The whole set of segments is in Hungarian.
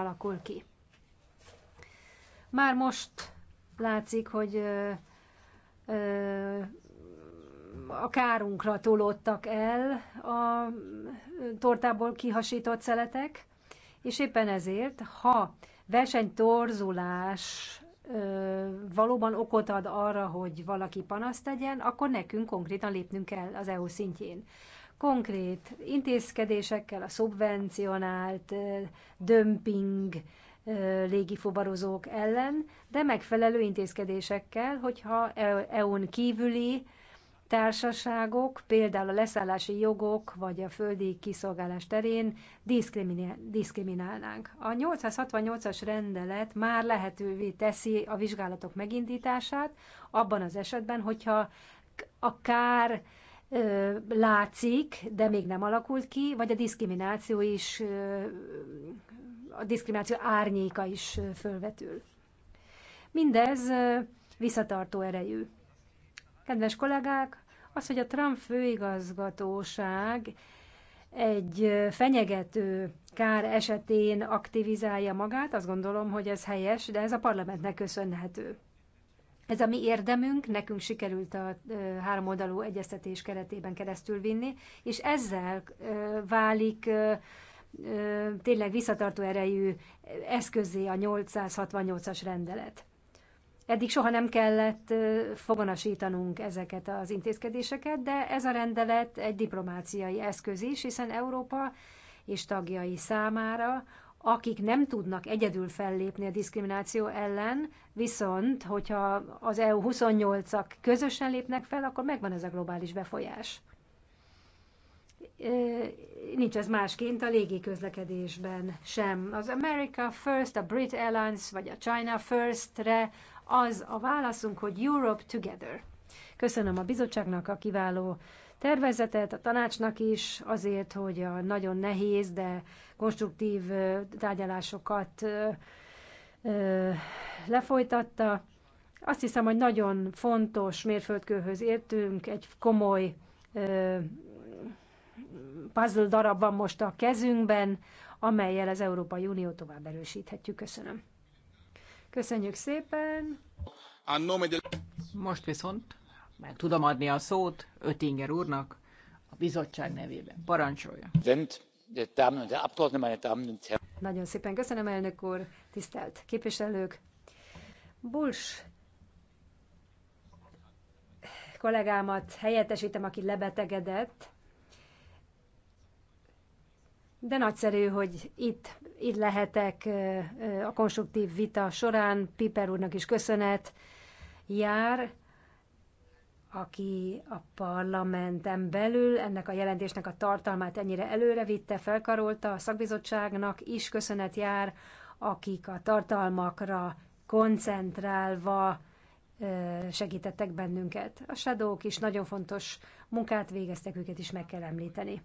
alakul ki. Már most látszik, hogy ö, ö, a kárunkra tolódtak el a tortából kihasított szeletek, és éppen ezért, ha versenytorzulás ö, valóban okot ad arra, hogy valaki panaszt tegyen, akkor nekünk konkrétan lépnünk kell az EU szintjén konkrét intézkedésekkel, a szubvencionált dömping légifuvarozók ellen, de megfelelő intézkedésekkel, hogyha e-, EU-n kívüli társaságok, például a leszállási jogok vagy a földi kiszolgálás terén diszkriminálnánk. A 868-as rendelet már lehetővé teszi a vizsgálatok megindítását abban az esetben, hogyha a kár látszik, de még nem alakult ki, vagy a diszkrimináció is, a diszkrimináció árnyéka is fölvetül. Mindez visszatartó erejű. Kedves kollégák, az, hogy a Trump főigazgatóság egy fenyegető kár esetén aktivizálja magát, azt gondolom, hogy ez helyes, de ez a parlamentnek köszönhető. Ez a mi érdemünk, nekünk sikerült a háromoldalú egyeztetés keretében keresztül vinni, és ezzel válik tényleg visszatartó erejű eszközé a 868-as rendelet. Eddig soha nem kellett foganasítanunk ezeket az intézkedéseket, de ez a rendelet egy diplomáciai eszköz is, hiszen Európa és tagjai számára akik nem tudnak egyedül fellépni a diszkrimináció ellen, viszont hogyha az EU 28-ak közösen lépnek fel, akkor megvan ez a globális befolyás. Nincs ez másként a légi közlekedésben sem. Az America First, a Brit Airlines vagy a China First-re az a válaszunk, hogy Europe Together. Köszönöm a bizottságnak a kiváló tervezetet a tanácsnak is, azért, hogy a nagyon nehéz, de konstruktív tárgyalásokat lefolytatta. Azt hiszem, hogy nagyon fontos mérföldkőhöz értünk, egy komoly puzzle darab van most a kezünkben, amelyel az Európai Unió tovább erősíthetjük. Köszönöm. Köszönjük szépen! Most viszont meg tudom adni a szót Ötinger úrnak a bizottság nevében. Parancsolja. Nagyon szépen köszönöm, elnök úr, tisztelt képviselők. Buls kollégámat helyettesítem, aki lebetegedett, de nagyszerű, hogy itt, itt lehetek a konstruktív vita során. Piper úrnak is köszönet jár, aki a parlamenten belül ennek a jelentésnek a tartalmát ennyire előrevitte, felkarolta, a szakbizottságnak is köszönet jár, akik a tartalmakra koncentrálva segítettek bennünket. A shadow is nagyon fontos munkát végeztek, őket is meg kell említeni.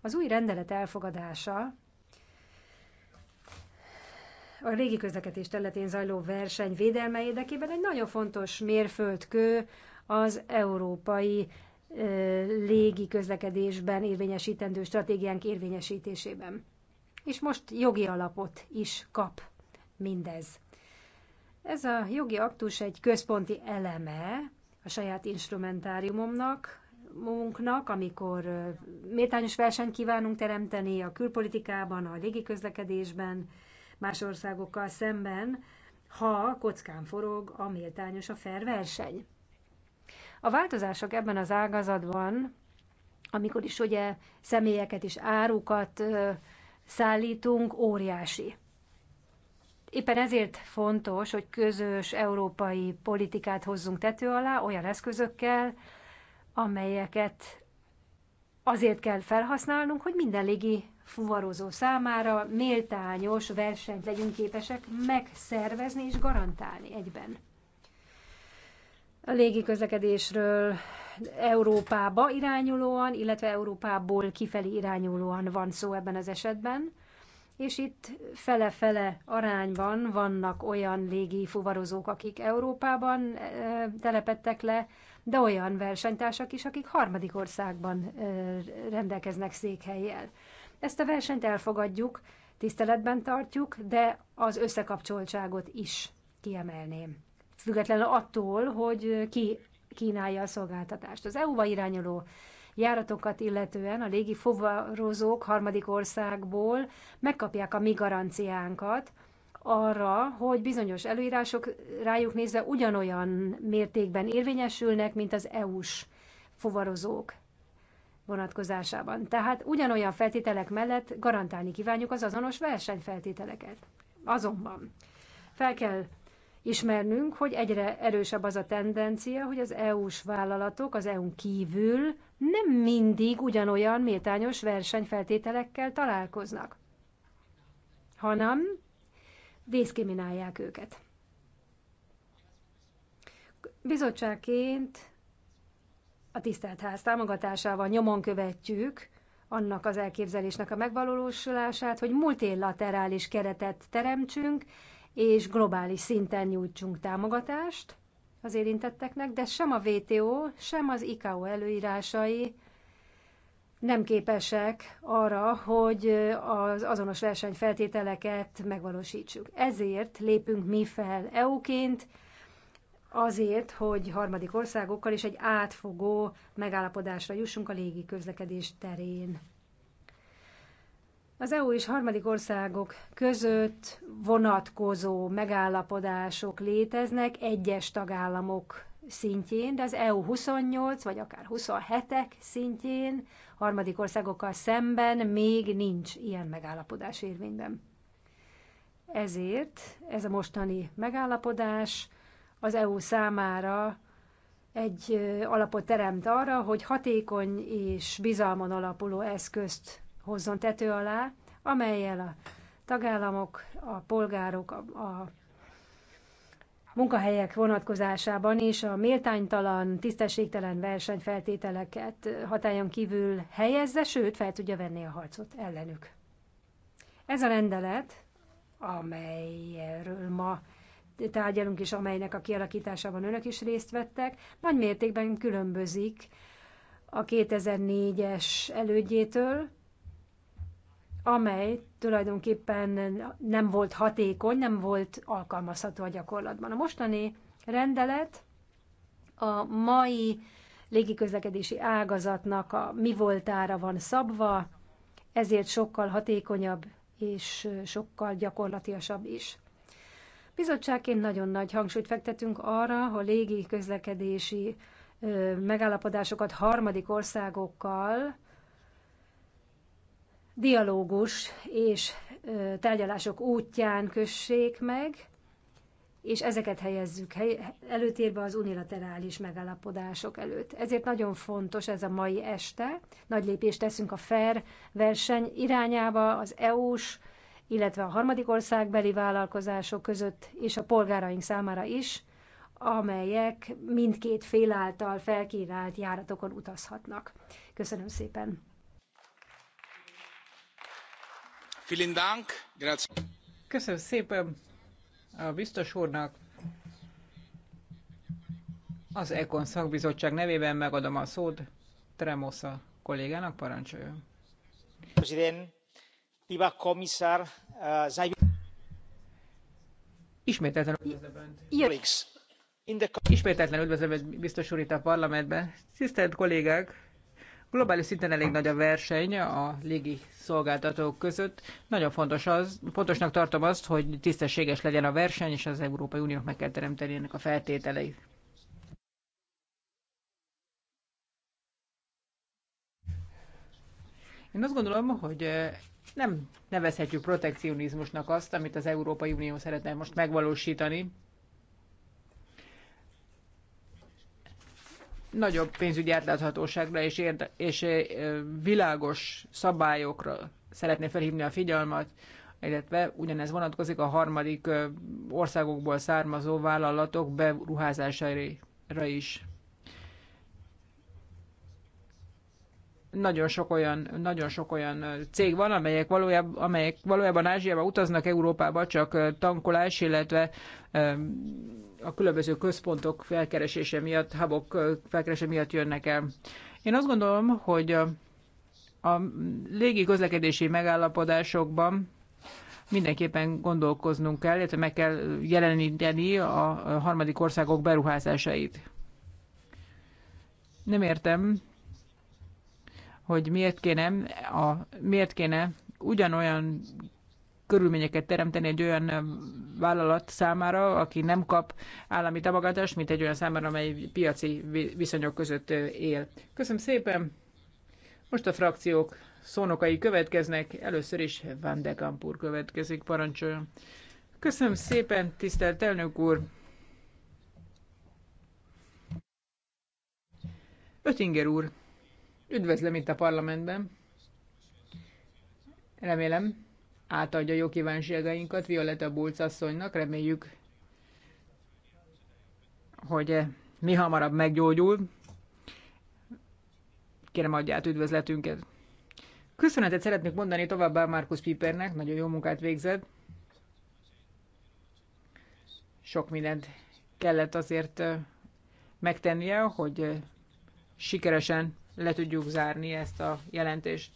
Az új rendelet elfogadása a régi közlekedés területén zajló verseny védelme érdekében egy nagyon fontos mérföldkő az európai légi közlekedésben érvényesítendő stratégiánk érvényesítésében. És most jogi alapot is kap mindez. Ez a jogi aktus egy központi eleme a saját instrumentáriumomnak, munknak, amikor méltányos versenyt kívánunk teremteni a külpolitikában, a légiközlekedésben, más országokkal szemben, ha kockán forog a méltányos a fair verseny. A változások ebben az ágazatban, amikor is ugye személyeket és árukat szállítunk, óriási. Éppen ezért fontos, hogy közös európai politikát hozzunk tető alá olyan eszközökkel, amelyeket azért kell felhasználnunk, hogy minden légi fuvarozó számára méltányos versenyt legyünk képesek megszervezni és garantálni egyben a légiközlekedésről Európába irányulóan, illetve Európából kifelé irányulóan van szó ebben az esetben, és itt fele-fele arányban vannak olyan légi fuvarozók, akik Európában eh, telepettek le, de olyan versenytársak is, akik harmadik országban eh, rendelkeznek székhelyjel. Ezt a versenyt elfogadjuk, tiszteletben tartjuk, de az összekapcsoltságot is kiemelném függetlenül attól, hogy ki kínálja a szolgáltatást. Az EU-ba irányuló járatokat illetően a légi fuvarozók harmadik országból megkapják a mi garanciánkat arra, hogy bizonyos előírások rájuk nézve ugyanolyan mértékben érvényesülnek, mint az EU-s fuvarozók vonatkozásában. Tehát ugyanolyan feltételek mellett garantálni kívánjuk az azonos versenyfeltételeket. Azonban fel kell ismernünk, hogy egyre erősebb az a tendencia, hogy az EU-s vállalatok az EU-n kívül nem mindig ugyanolyan méltányos versenyfeltételekkel találkoznak, hanem diszkriminálják őket. Bizottságként a tisztelt ház támogatásával nyomon követjük annak az elképzelésnek a megvalósulását, hogy multilaterális keretet teremtsünk, és globális szinten nyújtsunk támogatást az érintetteknek, de sem a WTO, sem az ICAO előírásai nem képesek arra, hogy az azonos versenyfeltételeket megvalósítsuk. Ezért lépünk mi fel EU-ként, azért, hogy harmadik országokkal is egy átfogó megállapodásra jussunk a légi közlekedés terén. Az EU és harmadik országok között vonatkozó megállapodások léteznek egyes tagállamok szintjén, de az EU 28 vagy akár 27-ek szintjén harmadik országokkal szemben még nincs ilyen megállapodás érvényben. Ezért ez a mostani megállapodás az EU számára egy alapot teremt arra, hogy hatékony és bizalmon alapuló eszközt hozzon tető alá, amelyel a tagállamok, a polgárok, a, a munkahelyek vonatkozásában is a méltánytalan, tisztességtelen versenyfeltételeket hatályon kívül helyezze, sőt, fel tudja venni a harcot ellenük. Ez a rendelet, amelyről ma tárgyalunk, és amelynek a kialakításában önök is részt vettek, nagy mértékben különbözik a 2004-es elődjétől, amely tulajdonképpen nem volt hatékony, nem volt alkalmazható a gyakorlatban. A mostani rendelet a mai légiközlekedési ágazatnak a mi voltára van szabva, ezért sokkal hatékonyabb és sokkal gyakorlatiasabb is. Bizottságként nagyon nagy hangsúlyt fektetünk arra, hogy légiközlekedési megállapodásokat harmadik országokkal dialógus és tárgyalások útján kössék meg, és ezeket helyezzük előtérbe az unilaterális megállapodások előtt. Ezért nagyon fontos ez a mai este. Nagy lépést teszünk a fair verseny irányába az EU-s, illetve a harmadik országbeli vállalkozások között és a polgáraink számára is, amelyek mindkét fél által felkínált járatokon utazhatnak. Köszönöm szépen! Köszönöm szépen a biztos úrnak. Az Ekon szakbizottság nevében megadom a szót Tremosa kollégának, parancsoljon. Eh, Ismételten üdvözlöm biztos úr itt a parlamentben. Tisztelt kollégák! Globális szinten elég nagy a verseny a légi szolgáltatók között. Nagyon fontos az, fontosnak tartom azt, hogy tisztességes legyen a verseny, és az Európai Uniók meg kell teremteni ennek a feltételeit. Én azt gondolom, hogy eh, nem nevezhetjük protekcionizmusnak azt, amit az Európai Unió szeretne most megvalósítani, nagyobb pénzügyi átláthatóságra és, érde- és világos szabályokra szeretné felhívni a figyelmet, illetve ugyanez vonatkozik a harmadik országokból származó vállalatok beruházásaira is. nagyon sok olyan, nagyon sok olyan cég van, amelyek valójában, amelyek valójában Ázsiába utaznak Európába, csak tankolás, illetve a különböző központok felkeresése miatt, habok felkeresése miatt jönnek el. Én azt gondolom, hogy a, a légi közlekedési megállapodásokban mindenképpen gondolkoznunk kell, illetve meg kell jeleníteni a harmadik országok beruházásait. Nem értem, hogy miért kéne, a, miért kéne ugyanolyan körülményeket teremteni egy olyan um, vállalat számára, aki nem kap állami támogatást, mint egy olyan számára, amely piaci viszonyok között él. Köszönöm szépen! Most a frakciók szónokai következnek, először is Van de Kampur következik, parancsoljon. Köszönöm szépen, tisztelt elnök úr! Ötinger úr, Üdvözlöm itt a parlamentben. Remélem, átadja jó kívánságainkat Violetta Bulc asszonynak. Reméljük, hogy mi hamarabb meggyógyul. Kérem, adját üdvözletünket. Köszönetet szeretnék mondani továbbá Markus Pipernek, nagyon jó munkát végzett. Sok mindent kellett azért megtennie, hogy sikeresen le tudjuk zárni ezt a jelentést.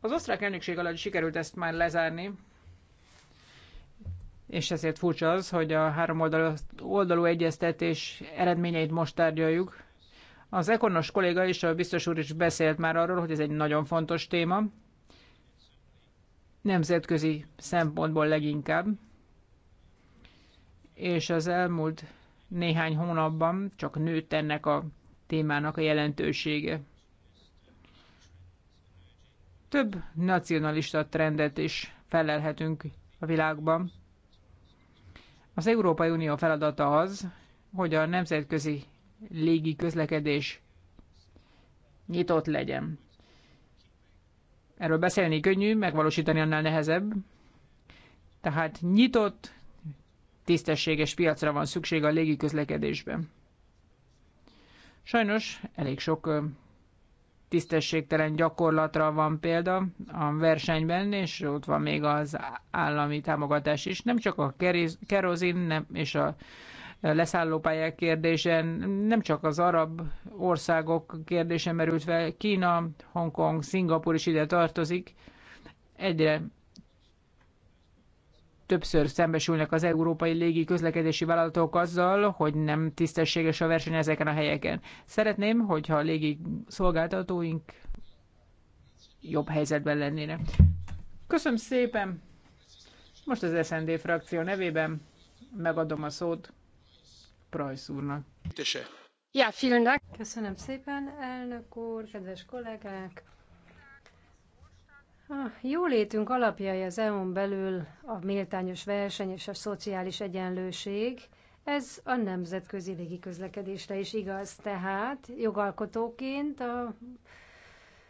Az osztrák elnökség alatt sikerült ezt már lezárni, és ezért furcsa az, hogy a három oldalú, oldalú egyeztetés eredményeit most tárgyaljuk. Az ekonos kolléga is, a biztos úr is beszélt már arról, hogy ez egy nagyon fontos téma, nemzetközi szempontból leginkább, és az elmúlt néhány hónapban csak nőtt ennek a témának a jelentősége. Több nacionalista trendet is felelhetünk a világban. Az Európai Unió feladata az, hogy a nemzetközi légi közlekedés nyitott legyen. Erről beszélni könnyű, megvalósítani annál nehezebb. Tehát nyitott, tisztességes piacra van szükség a légiközlekedésben. Sajnos elég sok tisztességtelen gyakorlatra van példa a versenyben, és ott van még az állami támogatás is. Nem csak a kerozin nem, és a leszállópályák kérdése, nem csak az arab országok kérdése merült fel, Kína, Hongkong, Szingapur is ide tartozik. Egyre többször szembesülnek az európai légi közlekedési vállalatok azzal, hogy nem tisztességes a verseny ezeken a helyeken. Szeretném, hogyha a légi szolgáltatóink jobb helyzetben lennének. Köszönöm szépen! Most az SND frakció nevében megadom a szót Prajsz úrnak. Ja, vielen Dank. Köszönöm szépen, elnök úr, kedves kollégák! A jólétünk alapjai az EON belül a méltányos verseny és a szociális egyenlőség. Ez a nemzetközi közlekedésre is igaz, tehát jogalkotóként a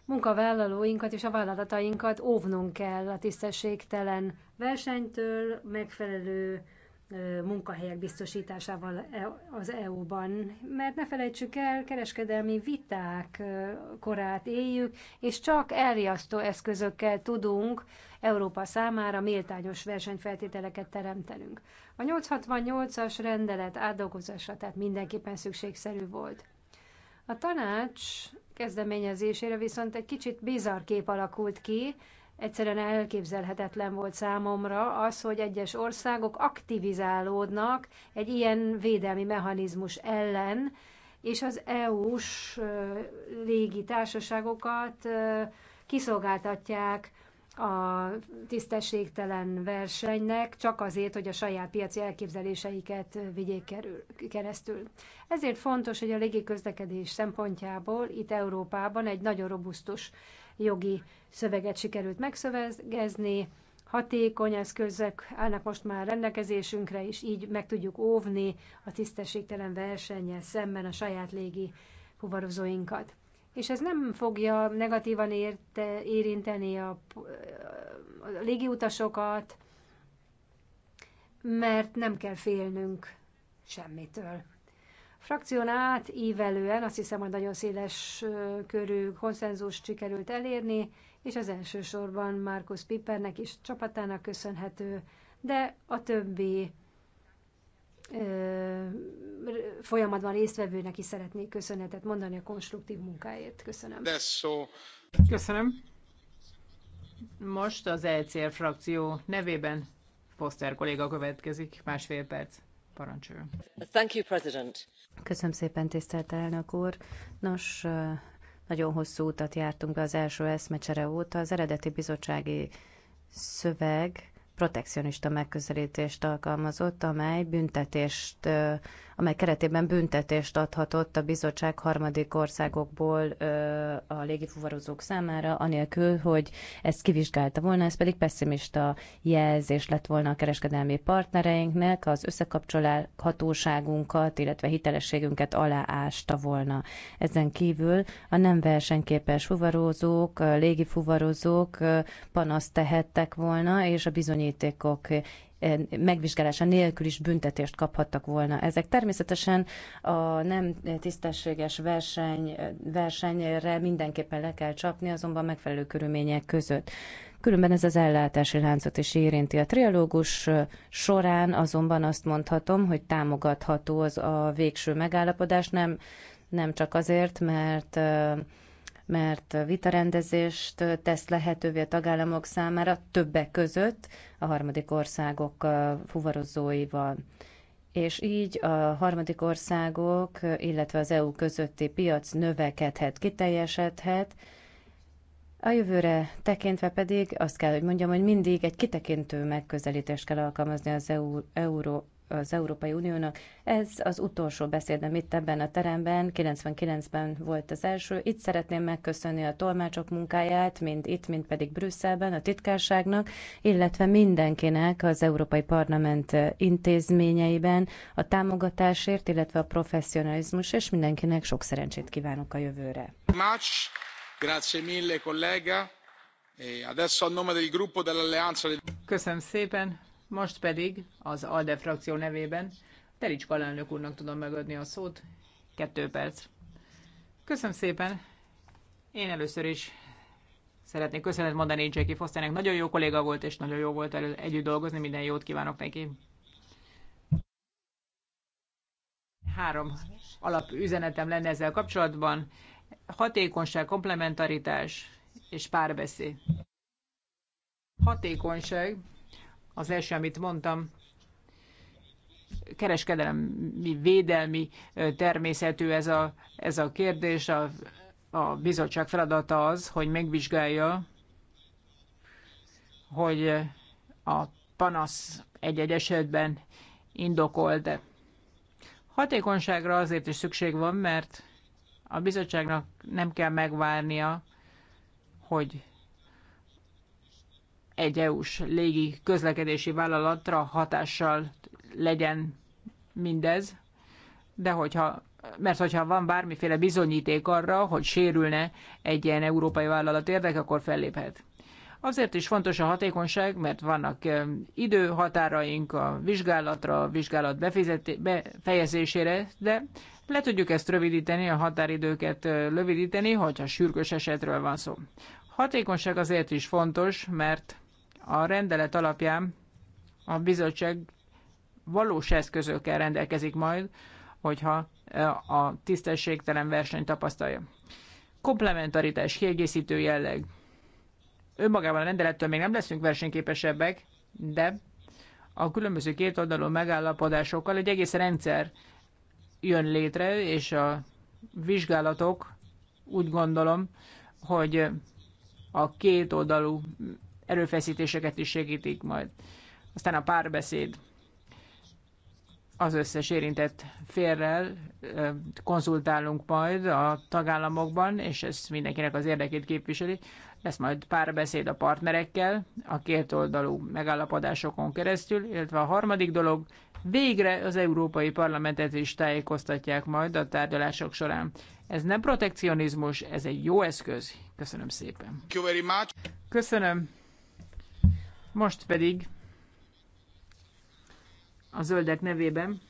munkavállalóinkat és a vállalatainkat óvnunk kell a tisztességtelen versenytől, megfelelő munkahelyek biztosításával e, az EU-ban. Mert ne felejtsük el, kereskedelmi viták korát éljük, és csak elriasztó eszközökkel tudunk Európa számára méltányos versenyfeltételeket teremtenünk. A 868-as rendelet átdolgozásra tehát mindenképpen szükségszerű volt. A tanács kezdeményezésére viszont egy kicsit bizarr kép alakult ki, Egyszerűen elképzelhetetlen volt számomra az, hogy egyes országok aktivizálódnak egy ilyen védelmi mechanizmus ellen, és az EU-s légi társaságokat kiszolgáltatják a tisztességtelen versenynek, csak azért, hogy a saját piaci elképzeléseiket vigyék kerül, keresztül. Ezért fontos, hogy a légiközlekedés szempontjából itt Európában egy nagyon robusztus jogi szöveget sikerült megszövegezni, hatékony eszközök állnak most már rendelkezésünkre, és így meg tudjuk óvni a tisztességtelen versennyel szemben a saját légi fuvarozóinkat. És ez nem fogja negatívan érte, érinteni a, a légiutasokat, mert nem kell félnünk semmitől. Frakción átívelően azt hiszem, hogy nagyon széles körű konszenzus sikerült elérni, és az elsősorban Markus Pippernek és csapatának köszönhető, de a többi ö, folyamatban résztvevőnek is szeretnék köszönetet mondani a konstruktív munkáért. Köszönöm. Köszönöm. Most az ECR frakció nevében Foster kolléga következik, másfél perc. Thank you, President. Köszönöm szépen, tisztelt elnök úr. Nos, nagyon hosszú utat jártunk be az első eszmecsere óta. Az eredeti bizottsági szöveg protekcionista megközelítést alkalmazott, amely büntetést amely keretében büntetést adhatott a bizottság harmadik országokból a légifuvarozók számára, anélkül, hogy ezt kivizsgálta volna, ez pedig pessimista jelzés lett volna a kereskedelmi partnereinknek, az összekapcsolhatóságunkat, illetve hitelességünket aláásta volna. Ezen kívül a nem versenyképes fuvarozók, légifuvarozók panaszt tehettek volna, és a bizonyítékok Eh, megvizsgálása nélkül is büntetést kaphattak volna. Ezek természetesen a nem tisztességes verseny, versenyre mindenképpen le kell csapni, azonban megfelelő körülmények között. Különben ez az ellátási láncot is érinti. A trialógus eh, során azonban azt mondhatom, hogy támogatható az a végső megállapodás, nem, nem csak azért, mert eh, mert vitarendezést tesz lehetővé a tagállamok számára többek között a harmadik országok fuvarozóival. És így a harmadik országok, illetve az EU közötti piac növekedhet, kiteljesedhet, a jövőre tekintve pedig azt kell, hogy mondjam, hogy mindig egy kitekintő megközelítést kell alkalmazni az EU, euró, az Európai Uniónak. Ez az utolsó beszédem itt ebben a teremben, 99-ben volt az első. Itt szeretném megköszönni a tolmácsok munkáját, mind itt, mind pedig Brüsszelben, a titkárságnak, illetve mindenkinek az Európai Parlament intézményeiben a támogatásért, illetve a professzionalizmus, és mindenkinek sok szerencsét kívánok a jövőre. Grazie mille, collega. E Köszönöm szépen. Most pedig az ALDE frakció nevében Terics alelnök úrnak tudom megadni a szót. Kettő perc. Köszönöm szépen. Én először is szeretnék köszönet mondani Jackie Fosternek. Nagyon jó kolléga volt, és nagyon jó volt elő együtt dolgozni. Minden jót kívánok neki. Három Alap üzenetem lenne ezzel kapcsolatban. Hatékonyság, komplementaritás és párbeszéd. Hatékonyság az első, amit mondtam, kereskedelmi, védelmi természetű ez a, ez a kérdés. A, a bizottság feladata az, hogy megvizsgálja, hogy a panasz egy-egy esetben indokolt. Hatékonyságra azért is szükség van, mert a bizottságnak nem kell megvárnia, hogy egy EU-s légi közlekedési vállalatra hatással legyen mindez, de hogyha, mert hogyha van bármiféle bizonyíték arra, hogy sérülne egy ilyen európai vállalat érdek, akkor felléphet. Azért is fontos a hatékonyság, mert vannak időhatáraink a vizsgálatra, a vizsgálat befejezésére, de le tudjuk ezt rövidíteni, a határidőket rövidíteni, hogyha sürgős esetről van szó. Hatékonyság azért is fontos, mert a rendelet alapján a bizottság valós eszközökkel rendelkezik majd, hogyha e, a tisztességtelen versenyt tapasztalja. Komplementaritás, kiegészítő jelleg. Önmagában a rendelettől még nem leszünk versenyképesebbek, de a különböző kétoldalú megállapodásokkal egy egész rendszer jön létre, és a vizsgálatok úgy gondolom, hogy a kétoldalú erőfeszítéseket is segítik majd. Aztán a párbeszéd az összes érintett félrel konzultálunk majd a tagállamokban, és ez mindenkinek az érdekét képviseli. Lesz majd párbeszéd a partnerekkel, a kétoldalú megállapodásokon keresztül, illetve a harmadik dolog, végre az Európai Parlamentet is tájékoztatják majd a tárgyalások során. Ez nem protekcionizmus, ez egy jó eszköz. Köszönöm szépen. Köszönöm. Most pedig a zöldek nevében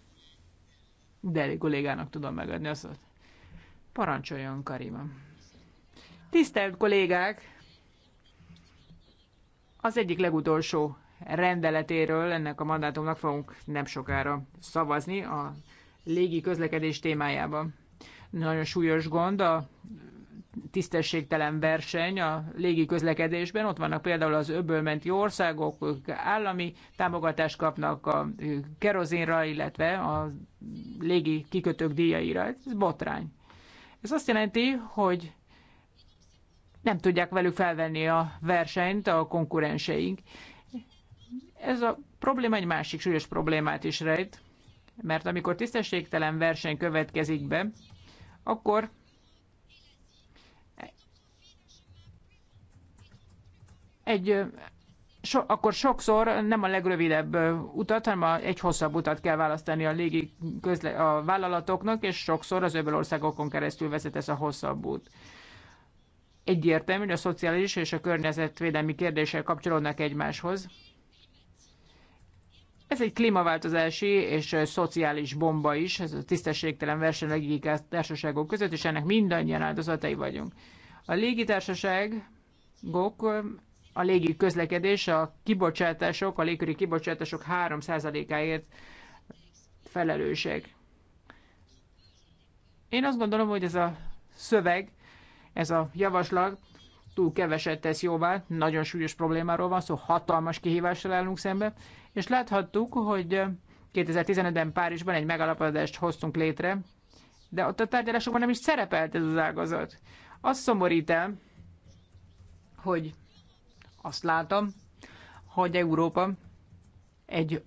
Deli kollégának tudom megadni a szót. Parancsoljon, Karima. Tisztelt kollégák! Az egyik legutolsó rendeletéről ennek a mandátumnak fogunk nem sokára szavazni a légi közlekedés témájában. Nagyon súlyos gond a tisztességtelen verseny a légi közlekedésben. Ott vannak például az öbölmenti országok, ők állami támogatást kapnak a kerozinra, illetve a légi kikötők díjaira. Ez botrány. Ez azt jelenti, hogy nem tudják velük felvenni a versenyt a konkurenseink. Ez a probléma egy másik súlyos problémát is rejt, mert amikor tisztességtelen verseny következik be, akkor egy, so, akkor sokszor nem a legrövidebb utat, hanem a, egy hosszabb utat kell választani a légi közle, a vállalatoknak, és sokszor az országokon keresztül vezet ez a hosszabb út. Egyértelmű, hogy a szociális és a környezetvédelmi kérdések kapcsolódnak egymáshoz. Ez egy klímaváltozási és szociális bomba is, ez a tisztességtelen verseny a társaságok között, és ennek mindannyian áldozatai vagyunk. A légitársaságok a légi közlekedés a kibocsátások, a légköri kibocsátások 3%-áért felelősek. Én azt gondolom, hogy ez a szöveg, ez a javaslat túl keveset tesz jóvá, nagyon súlyos problémáról van szó, szóval hatalmas kihívással állunk szembe, és láthattuk, hogy 2015-ben Párizsban egy megalapodást hoztunk létre, de ott a tárgyalásokban nem is szerepelt ez az ágazat. Azt szomorít el, hogy azt látom, hogy Európa egy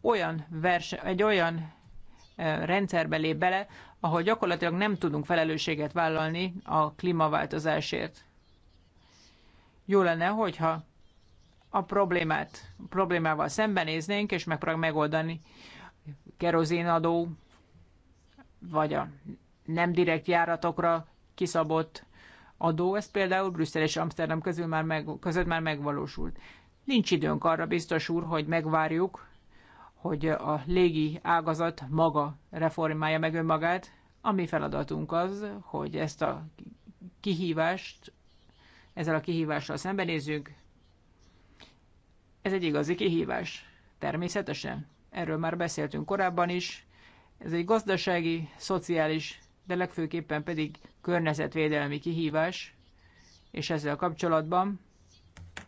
olyan, verse, egy olyan rendszerbe lép bele, ahol gyakorlatilag nem tudunk felelősséget vállalni a klímaváltozásért. Jó lenne, hogyha a problémát, a problémával szembenéznénk, és megpróbáljuk megoldani kerozénadó, vagy a nem direkt járatokra kiszabott adó, ez például Brüsszel és Amsterdam közül már meg, között már megvalósult. Nincs időnk arra, biztos úr, hogy megvárjuk, hogy a légi ágazat maga reformálja meg önmagát. A mi feladatunk az, hogy ezt a kihívást, ezzel a kihívással szembenézzünk. Ez egy igazi kihívás. Természetesen. Erről már beszéltünk korábban is. Ez egy gazdasági, szociális de legfőképpen pedig környezetvédelmi kihívás, és ezzel kapcsolatban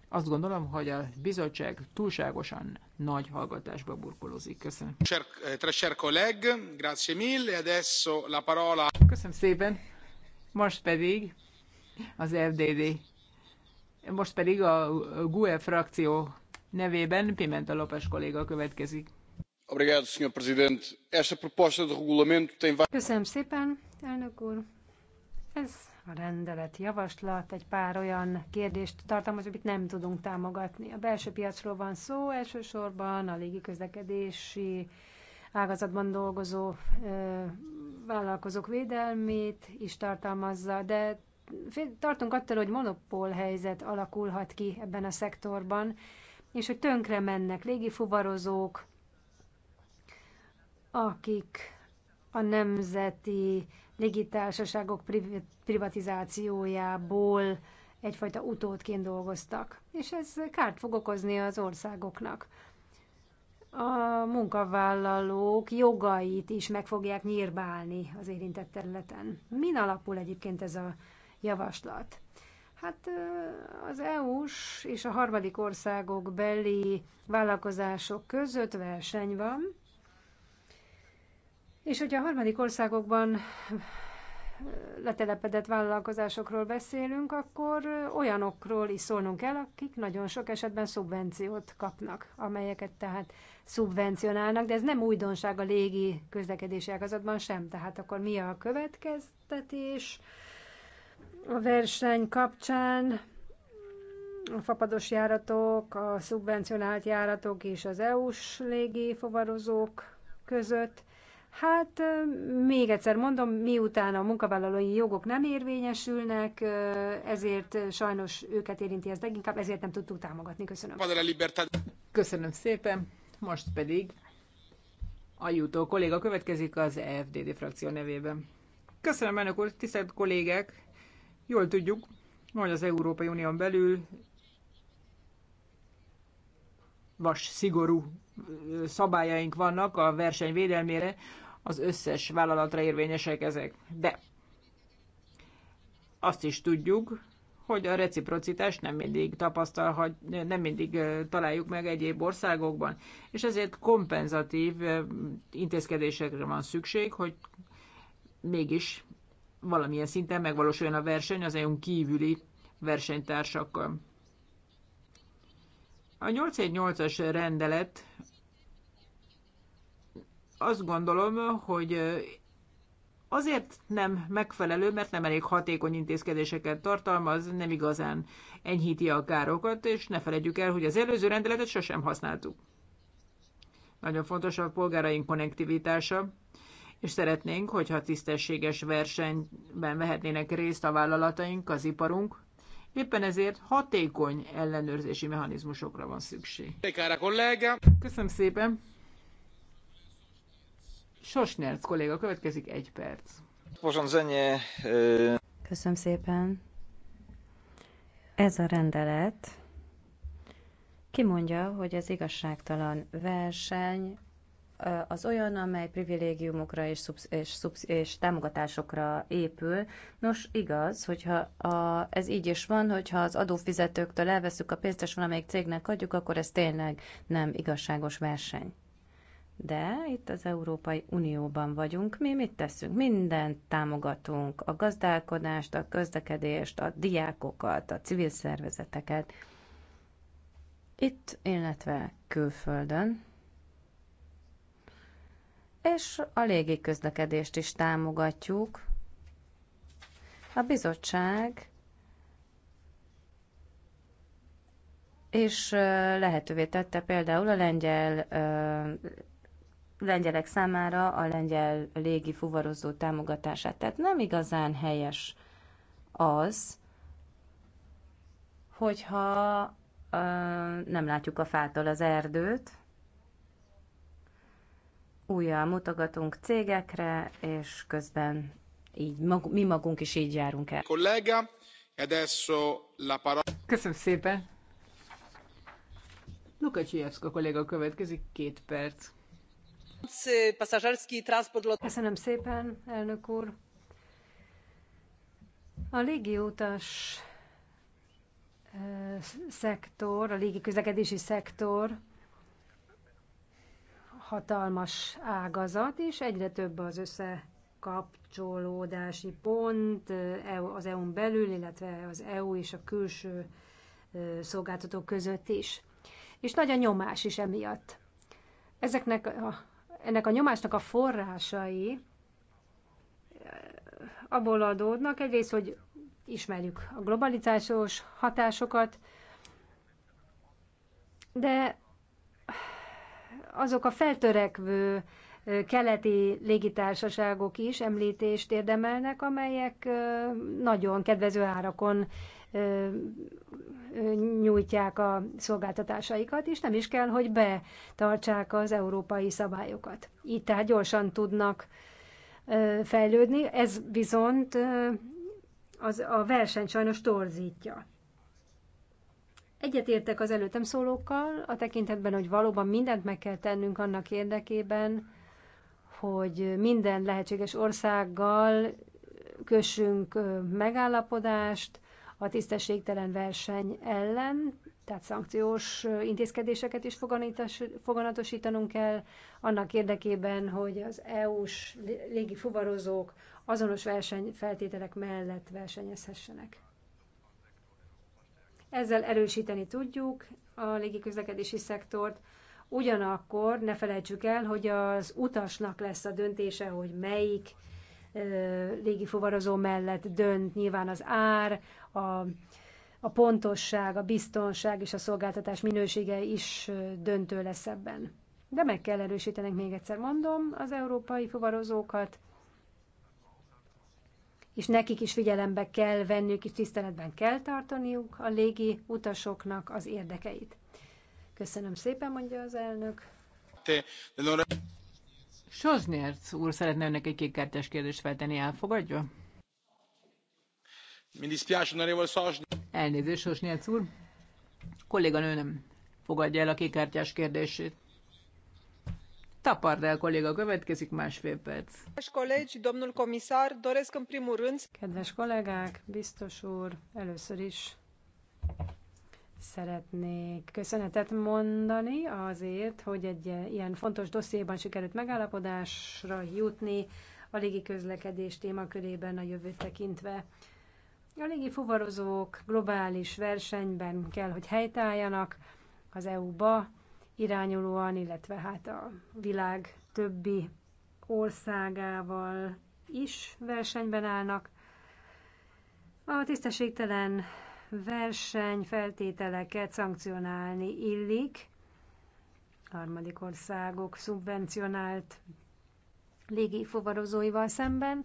azt gondolom, hogy a bizottság túlságosan nagy hallgatásba burkolózik. Köszönöm. E Köszönöm szépen. Most pedig az FDD. Most pedig a GUE frakció nevében Pimenta López kolléga következik. Köszönöm szépen. Elnök úr, ez a rendelet javaslat egy pár olyan kérdést tartalmaz, amit nem tudunk támogatni. A belső piacról van szó, elsősorban a légiközlekedési ágazatban dolgozó ö, vállalkozók védelmét is tartalmazza, de tartunk attól, hogy monopól helyzet alakulhat ki ebben a szektorban, és hogy tönkre mennek légifuvarozók, akik a nemzeti légitársaságok privatizációjából egyfajta utódként dolgoztak, és ez kárt fog okozni az országoknak. A munkavállalók jogait is meg fogják nyírbálni az érintett területen. Min alapul egyébként ez a javaslat? Hát az EU-s és a harmadik országok beli vállalkozások között verseny van, és hogyha a harmadik országokban letelepedett vállalkozásokról beszélünk, akkor olyanokról is szólnunk kell, akik nagyon sok esetben szubvenciót kapnak, amelyeket tehát szubvencionálnak, de ez nem újdonság a légi közlekedési ágazatban sem. Tehát akkor mi a következtetés a verseny kapcsán? A fapados járatok, a szubvencionált járatok és az EU-s légi fuvarozók között Hát még egyszer mondom, miután a munkavállalói jogok nem érvényesülnek, ezért sajnos őket érinti ez leginkább, ezért nem tudtuk támogatni. Köszönöm. Köszönöm szépen. Most pedig a jutó kolléga következik az EFDD frakció nevében. Köszönöm, elnök úr, tisztelt kollégek! Jól tudjuk, hogy az Európai Unión belül vas szigorú szabályaink vannak a verseny védelmére az összes vállalatra érvényesek ezek. De azt is tudjuk, hogy a reciprocitást nem mindig tapasztalhat, nem mindig találjuk meg egyéb országokban, és ezért kompenzatív intézkedésekre van szükség, hogy mégis valamilyen szinten megvalósuljon a verseny az EU kívüli versenytársakkal. A 8 as rendelet azt gondolom, hogy azért nem megfelelő, mert nem elég hatékony intézkedéseket tartalmaz, nem igazán enyhíti a károkat, és ne felejtjük el, hogy az előző rendeletet sosem használtuk. Nagyon fontos a polgáraink konnektivitása, és szeretnénk, hogyha tisztességes versenyben vehetnének részt a vállalataink, az iparunk, Éppen ezért hatékony ellenőrzési mechanizmusokra van szükség. Köszönöm szépen! Sosnerc kolléga, következik egy perc. E, Köszönöm szépen. Ez a rendelet kimondja, hogy az igazságtalan verseny e, az olyan, amely privilégiumokra és, és, és támogatásokra épül. Nos, igaz, hogyha a, ez így is van, hogyha az adófizetőktől elveszük a pénzt, és valamelyik cégnek adjuk, akkor ez tényleg nem igazságos verseny. De itt az Európai Unióban vagyunk, mi mit teszünk? Mindent támogatunk, a gazdálkodást, a közlekedést, a diákokat, a civil szervezeteket. Itt, illetve külföldön. És a légi közlekedést is támogatjuk. A bizottság és lehetővé tette például a lengyel lengyelek számára a lengyel légi fuvarozó támogatását. Tehát nem igazán helyes az, hogyha ö, nem látjuk a fától az erdőt, újjal mutogatunk cégekre, és közben így mag, mi magunk is így járunk el. la parola. Köszönöm szépen. Lukács Jevszka kolléga következik, két perc. Köszönöm szépen, elnök úr. A légiutas e, szektor, a légiközlekedési szektor hatalmas ágazat, és egyre több az összekapcsolódási pont e, e, az EU-n belül, illetve az EU és a külső szolgáltatók között is. És nagy a nyomás is emiatt. Ezeknek a ennek a nyomásnak a forrásai eh, abból adódnak egyrészt, hogy ismerjük a globalizációs hatásokat, de azok a feltörekvő eh, keleti légitársaságok is említést érdemelnek, amelyek eh, nagyon kedvező árakon nyújtják a szolgáltatásaikat, és nem is kell, hogy betartsák az európai szabályokat. Így tehát gyorsan tudnak fejlődni, ez viszont az a verseny sajnos torzítja. Egyetértek az előttem szólókkal a tekintetben, hogy valóban mindent meg kell tennünk annak érdekében, hogy minden lehetséges országgal kössünk megállapodást, a tisztességtelen verseny ellen, tehát szankciós intézkedéseket is foganatosítanunk kell, annak érdekében, hogy az EU-s légi fuvarozók azonos versenyfeltételek mellett versenyezhessenek. Ezzel erősíteni tudjuk a légiközlekedési szektort, ugyanakkor ne felejtsük el, hogy az utasnak lesz a döntése, hogy melyik légifuvarozó mellett dönt, nyilván az ár, a, a pontosság, a biztonság és a szolgáltatás minősége is döntő lesz ebben. De meg kell erősítenek, még egyszer mondom, az európai fuvarozókat, és nekik is figyelembe kell vennük, és tiszteletben kell tartaniuk a légi utasoknak az érdekeit. Köszönöm szépen, mondja az elnök. Sosnyerc úr szeretne önnek egy kékkártyás kérdést feltenni, elfogadja? Mi dispiace, onorevole Sosnyec. Elnézést, Sosnyec úr. Kolléganő nem fogadja el a kikártyás kérdését. Tapardel kolléga következik másfél perc. Kedves kollégák, biztos úr, először is szeretnék köszönetet mondani azért, hogy egy ilyen fontos dossziéban sikerült megállapodásra jutni a közlekedés témakörében a jövőt tekintve. A légi fuvarozók globális versenyben kell, hogy helytálljanak az EU-ba irányulóan, illetve hát a világ többi országával is versenyben állnak. A tisztességtelen verseny feltételeket szankcionálni illik, harmadik országok szubvencionált légi fuvarozóival szemben,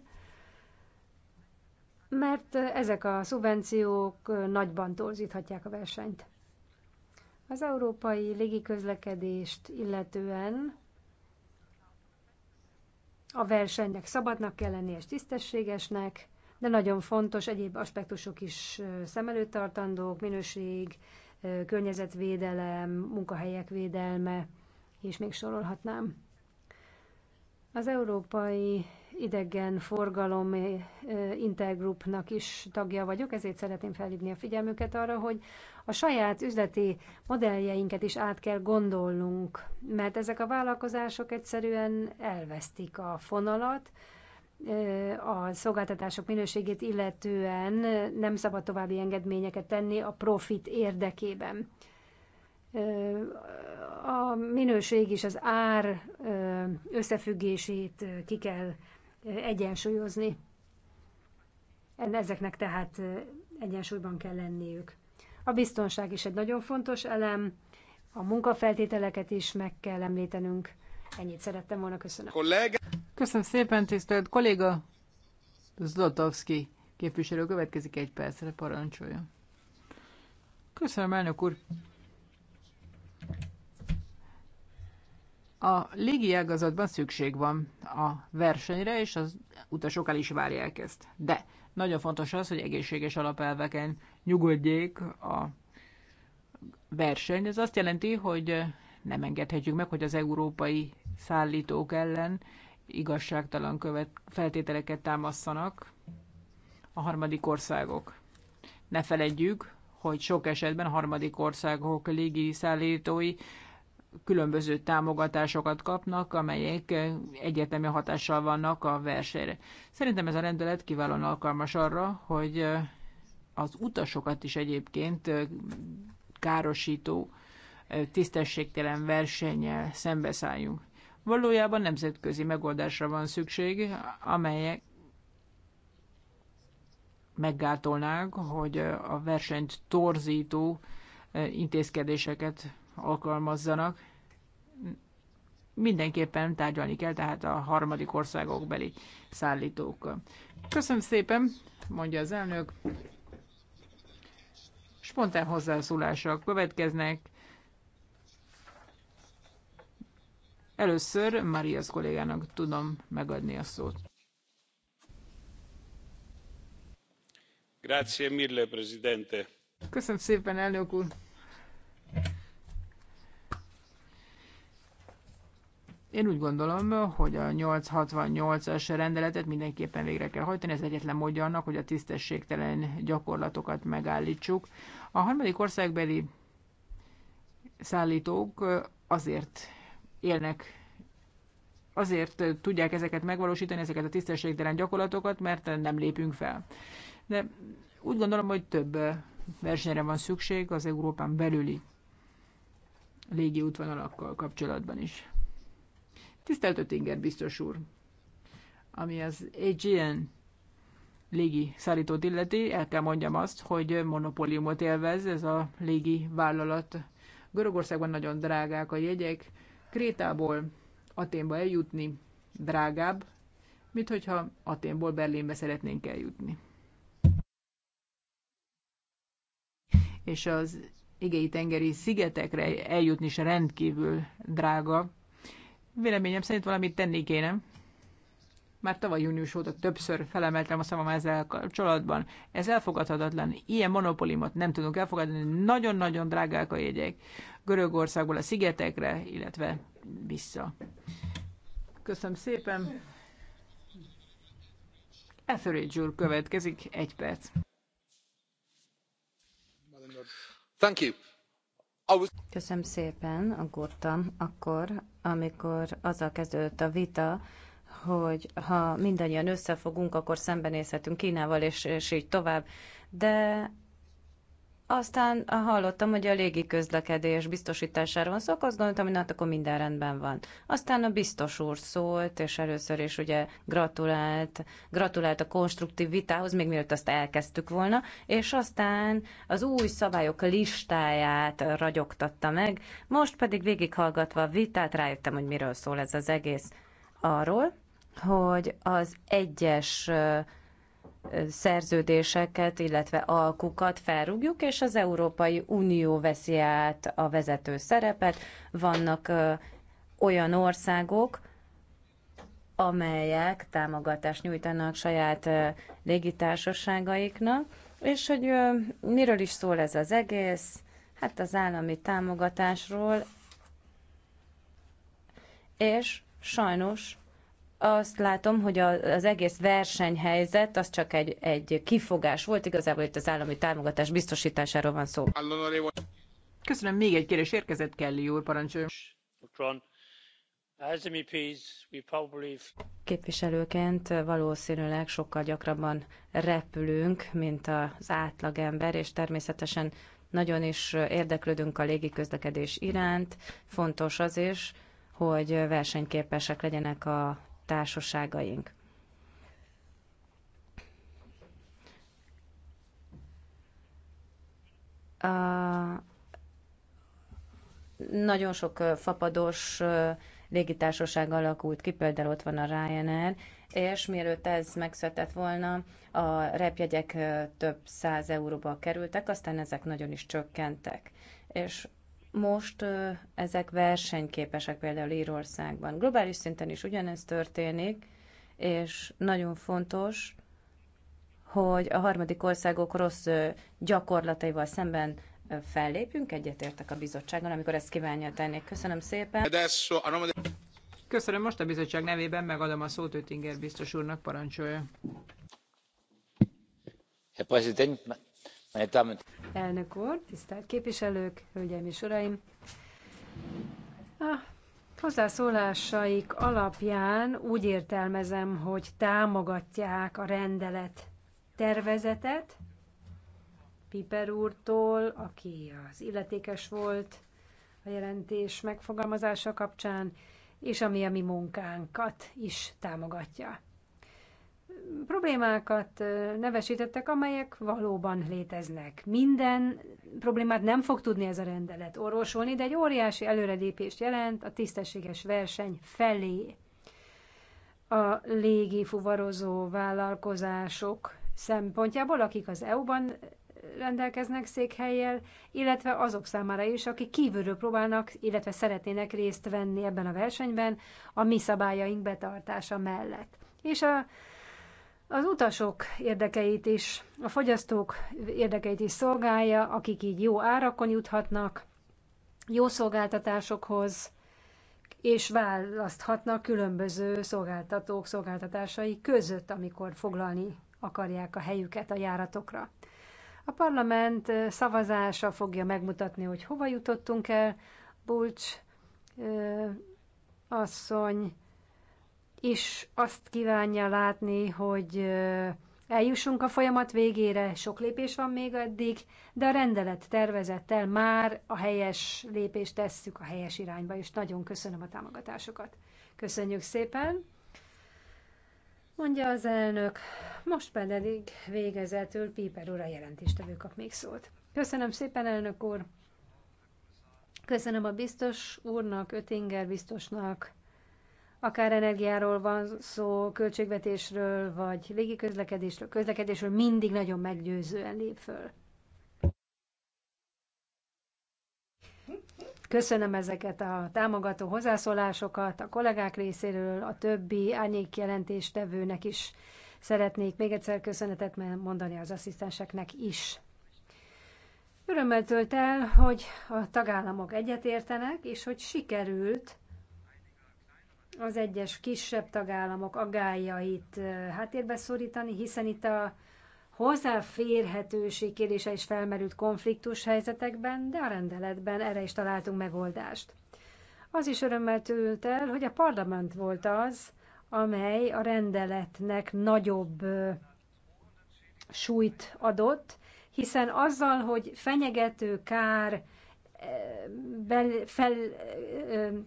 mert ezek a szubvenciók nagyban torzíthatják a versenyt. Az európai légiközlekedést illetően a versenynek szabadnak kell lenni és tisztességesnek, de nagyon fontos egyéb aspektusok is szem előtt tartandók, minőség, környezetvédelem, munkahelyek védelme, és még sorolhatnám. Az Európai Idegen Forgalom eh, eh, Intergroupnak is tagja vagyok, ezért szeretném felhívni a figyelmüket arra, hogy a saját üzleti modelljeinket is át kell gondolnunk, mert ezek a vállalkozások egyszerűen elvesztik a fonalat, eh, a szolgáltatások minőségét illetően nem szabad további engedményeket tenni a profit érdekében a minőség és az ár összefüggését ki kell egyensúlyozni. Ezeknek tehát egyensúlyban kell lenniük. A biztonság is egy nagyon fontos elem, a munkafeltételeket is meg kell említenünk. Ennyit szerettem volna, köszönöm. Kollega. Köszönöm szépen, tisztelt kolléga Zlotowski képviselő következik egy percre, parancsolja. Köszönöm, elnök úr. A légi ágazatban szükség van a versenyre, és az utasok el is várják ezt. De nagyon fontos az, hogy egészséges alapelveken nyugodjék a verseny. Ez azt jelenti, hogy nem engedhetjük meg, hogy az európai szállítók ellen igazságtalan követ, feltételeket támasszanak a harmadik országok. Ne feledjük, hogy sok esetben a harmadik országok légi szállítói különböző támogatásokat kapnak, amelyek egyetemi hatással vannak a versenyre. Szerintem ez a rendelet kiválóan alkalmas arra, hogy az utasokat is egyébként károsító, tisztességtelen versennyel szembeszálljunk. Valójában nemzetközi megoldásra van szükség, amelyek meggátolnák, hogy a versenyt torzító intézkedéseket alkalmazzanak. Mindenképpen tárgyalni kell tehát a harmadik országok beli szállítókkal. Köszönöm szépen, mondja az elnök. Spontán hozzászólások következnek. Először Marias kollégának tudom megadni a szót. Grazie mille, Presidente. Köszönöm szépen, elnök úr! Én úgy gondolom, hogy a 868-as rendeletet mindenképpen végre kell hajtani, ez egyetlen módja annak, hogy a tisztességtelen gyakorlatokat megállítsuk. A harmadik országbeli szállítók azért élnek azért tudják ezeket megvalósítani, ezeket a tisztességtelen gyakorlatokat, mert nem lépünk fel. De úgy gondolom, hogy több versenyre van szükség az Európán belüli légi útvonalakkal kapcsolatban is. Tisztelt Ötinger biztos úr, ami az AGN légi szállítót illeti, el kell mondjam azt, hogy monopóliumot élvez ez a légi vállalat. Görögországban nagyon drágák a jegyek, Krétából Aténba eljutni drágább, mint hogyha Aténból Berlinbe szeretnénk eljutni. És az igei tengeri szigetekre eljutni is rendkívül drága Véleményem szerint valamit tenni kéne. Már tavaly június óta többször felemeltem a szavam ezzel kapcsolatban. Ez elfogadhatatlan. Ilyen monopolimot nem tudunk elfogadni. Nagyon-nagyon drágák a jegyek. Görögországból a szigetekre, illetve vissza. Köszönöm szépen. Etheridge úr következik, egy perc. Thank you. Köszönöm szépen, aggódtam akkor, amikor azzal kezdődött a vita, hogy ha mindannyian összefogunk, akkor szembenézhetünk Kínával, és, és így tovább. De aztán ah, hallottam, hogy a légi közlekedés biztosításáról van szó, azt gondoltam, hogy na, hát akkor minden rendben van. Aztán a biztos úr szólt, és először is ugye gratulált, gratulált a konstruktív vitához, még mielőtt azt elkezdtük volna, és aztán az új szabályok listáját ragyogtatta meg, most pedig végighallgatva a vitát rájöttem, hogy miről szól ez az egész. Arról, hogy az egyes szerződéseket, illetve alkukat felrúgjuk, és az Európai Unió veszi át a vezető szerepet. Vannak olyan országok, amelyek támogatást nyújtanak saját légitársaságaiknak, és hogy miről is szól ez az egész, hát az állami támogatásról, és sajnos azt látom, hogy az egész versenyhelyzet az csak egy, egy kifogás volt, igazából itt az állami támogatás biztosításáról van szó. Köszönöm, még egy kérdés érkezett, Kelly úr, parancsoljon. E Képviselőként valószínűleg sokkal gyakrabban repülünk, mint az átlagember, és természetesen nagyon is érdeklődünk a légiközlekedés iránt. Fontos az is, hogy versenyképesek legyenek a társaságaink. A, nagyon sok fapados légitársaság alakult ki, például ott van a Ryanair, és mielőtt ez megszületett volna, a repjegyek több száz euróba kerültek, aztán ezek nagyon is csökkentek. És most ezek versenyképesek például Írországban. Globális szinten is ugyanez történik, és nagyon fontos, hogy a harmadik országok rossz gyakorlataival szemben fellépjünk, egyetértek a bizottságon, amikor ezt kívánja tenni. Köszönöm szépen. Köszönöm, most a bizottság nevében megadom a szót Ötinger biztos úrnak, parancsolja. Herr Präsident, Elnök úr, tisztelt képviselők, hölgyeim és uraim! A hozzászólásaik alapján úgy értelmezem, hogy támogatják a rendelet tervezetet Piper úrtól, aki az illetékes volt a jelentés megfogalmazása kapcsán, és ami a mi munkánkat is támogatja problémákat nevesítettek, amelyek valóban léteznek. Minden problémát nem fog tudni ez a rendelet orvosolni, de egy óriási előrelépést jelent a tisztességes verseny felé. A légi fuvarozó vállalkozások szempontjából, akik az EU-ban rendelkeznek székhelyjel, illetve azok számára is, akik kívülről próbálnak, illetve szeretnének részt venni ebben a versenyben a mi szabályaink betartása mellett. És a az utasok érdekeit is, a fogyasztók érdekeit is szolgálja, akik így jó árakon juthatnak, jó szolgáltatásokhoz, és választhatnak különböző szolgáltatók szolgáltatásai között, amikor foglalni akarják a helyüket a járatokra. A parlament szavazása fogja megmutatni, hogy hova jutottunk el. Bulcs asszony és azt kívánja látni, hogy eljussunk a folyamat végére, sok lépés van még eddig, de a rendelet tervezettel már a helyes lépést tesszük a helyes irányba, és nagyon köszönöm a támogatásokat. Köszönjük szépen! Mondja az elnök, most pedig végezetül Piper úr a jelentéstevő kap még szót. Köszönöm szépen, elnök úr! Köszönöm a biztos úrnak, Ötinger biztosnak, akár energiáról van szó, költségvetésről, vagy légiközlekedésről, közlekedésről, mindig nagyon meggyőzően lép föl. Köszönöm ezeket a támogató hozzászólásokat a kollégák részéről, a többi árnyék jelentéstevőnek is szeretnék még egyszer köszönetet mondani az asszisztenseknek is. Örömmel tölt el, hogy a tagállamok egyetértenek, és hogy sikerült az egyes kisebb tagállamok agályait háttérbe szorítani, hiszen itt a hozzáférhetőség kérdése is felmerült konfliktus helyzetekben, de a rendeletben erre is találtunk megoldást. Az is örömmel tűnt el, hogy a parlament volt az, amely a rendeletnek nagyobb súlyt adott, hiszen azzal, hogy fenyegető kár fel,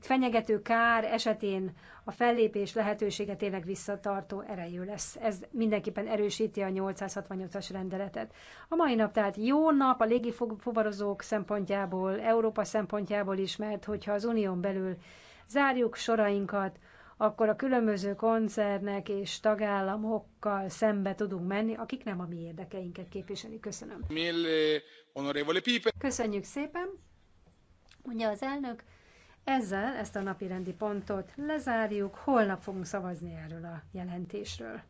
fenyegető kár esetén a fellépés lehetősége tényleg visszatartó erejű lesz. Ez mindenképpen erősíti a 868-as rendeletet. A mai nap tehát jó nap a légifuvarozók szempontjából, Európa szempontjából is, mert hogyha az unión belül zárjuk sorainkat, akkor a különböző koncernek és tagállamokkal szembe tudunk menni, akik nem a mi érdekeinket képviseli. Köszönöm. Köszönjük szépen! mondja az elnök. Ezzel ezt a napi rendi pontot lezárjuk, holnap fogunk szavazni erről a jelentésről.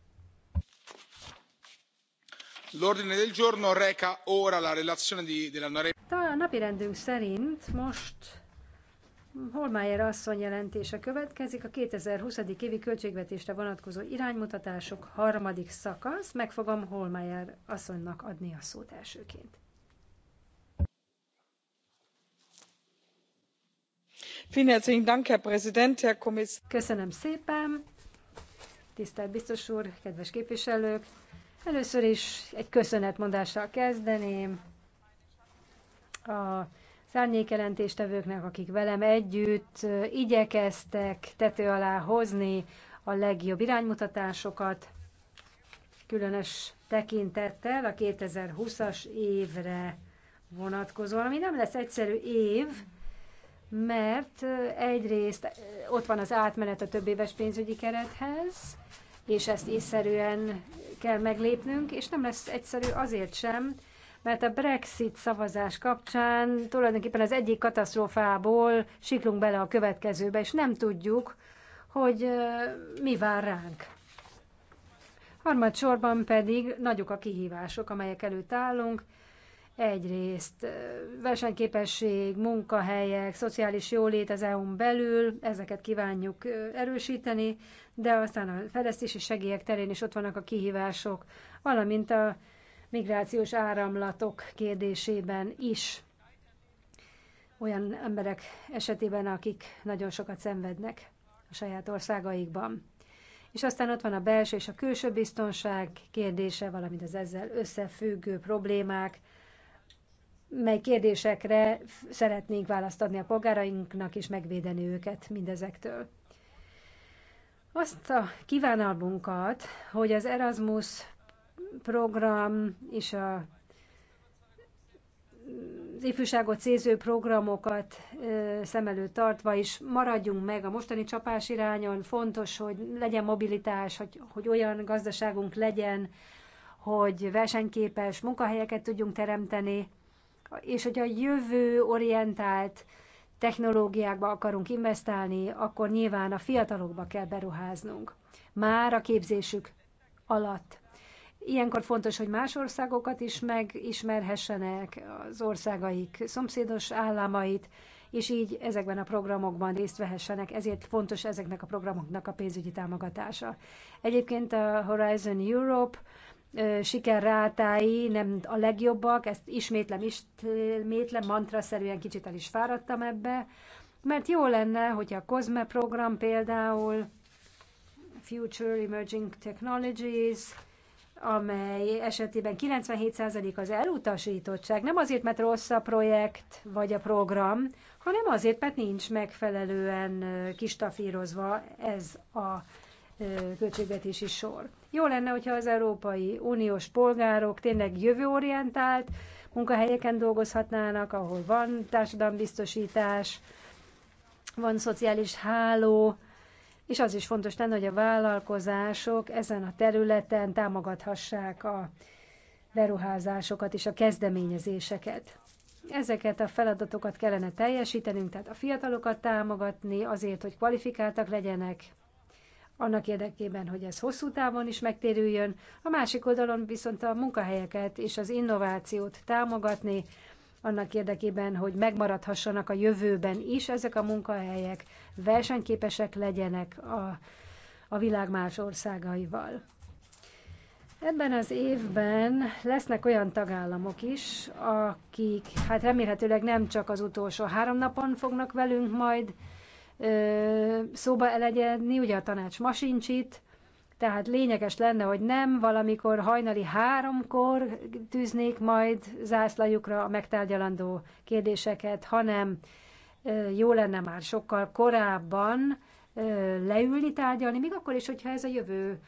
L'ordine del giorno reca ora la relazione di, dell'onorevole. A szerint most Holmájer asszony jelentése következik a 2020. évi költségvetésre vonatkozó iránymutatások harmadik szakasz. Meg fogom Holmájer asszonynak adni a szót elsőként. Köszönöm szépen, tisztelt biztos úr, kedves képviselők! Először is egy köszönetmondással kezdeném a szárnyékelentéstevőknek, akik velem együtt igyekeztek tető alá hozni a legjobb iránymutatásokat, különös tekintettel a 2020-as évre vonatkozóan, ami nem lesz egyszerű év, mert egyrészt ott van az átmenet a több éves pénzügyi kerethez, és ezt észszerűen kell meglépnünk, és nem lesz egyszerű azért sem, mert a Brexit szavazás kapcsán tulajdonképpen az egyik katasztrófából siklunk bele a következőbe, és nem tudjuk, hogy mi vár ránk. Harmadsorban pedig nagyok a kihívások, amelyek előtt állunk, Egyrészt versenyképesség, munkahelyek, szociális jólét az EU-n belül, ezeket kívánjuk erősíteni, de aztán a fejlesztési segélyek terén is ott vannak a kihívások, valamint a migrációs áramlatok kérdésében is olyan emberek esetében, akik nagyon sokat szenvednek a saját országaikban. És aztán ott van a belső és a külső biztonság kérdése, valamint az ezzel összefüggő problémák, mely kérdésekre szeretnénk választ adni a polgárainknak és megvédeni őket mindezektől. Azt a kívánalmunkat, hogy az Erasmus program és a az ifjúságot célző programokat szem előtt tartva is maradjunk meg a mostani csapás irányon. Fontos, hogy legyen mobilitás, hogy, hogy olyan gazdaságunk legyen, hogy versenyképes munkahelyeket tudjunk teremteni, és hogy a jövő orientált technológiákba akarunk investálni, akkor nyilván a fiatalokba kell beruháznunk. Már a képzésük alatt. Ilyenkor fontos, hogy más országokat is megismerhessenek, az országaik szomszédos államait, és így ezekben a programokban részt vehessenek, ezért fontos ezeknek a programoknak a pénzügyi támogatása. Egyébként a Horizon Europe sikerrátái nem a legjobbak, ezt ismétlem, ismétlem, mantraszerűen kicsit el is fáradtam ebbe, mert jó lenne, hogy a COSME program például, Future Emerging Technologies, amely esetében 97% az elutasítottság, nem azért, mert rossz a projekt vagy a program, hanem azért, mert nincs megfelelően kistafírozva ez a költségvetési sor. Jó lenne, hogyha az Európai Uniós polgárok tényleg jövőorientált munkahelyeken dolgozhatnának, ahol van társadalombiztosítás, van szociális háló, és az is fontos lenne, hogy a vállalkozások ezen a területen támogathassák a beruházásokat és a kezdeményezéseket. Ezeket a feladatokat kellene teljesítenünk, tehát a fiatalokat támogatni azért, hogy kvalifikáltak legyenek, annak érdekében, hogy ez hosszú távon is megtérüljön, a másik oldalon viszont a munkahelyeket és az innovációt támogatni, annak érdekében, hogy megmaradhassanak a jövőben is ezek a munkahelyek, versenyképesek legyenek a, a világ más országaival. Ebben az évben lesznek olyan tagállamok is, akik hát remélhetőleg nem csak az utolsó három napon fognak velünk majd szóba elegyedni, ugye a tanács ma sincs itt, tehát lényeges lenne, hogy nem valamikor hajnali háromkor tűznék majd zászlajukra a megtárgyalandó kérdéseket, hanem jó lenne már sokkal korábban leülni, tárgyalni, még akkor is, hogyha ez a jövő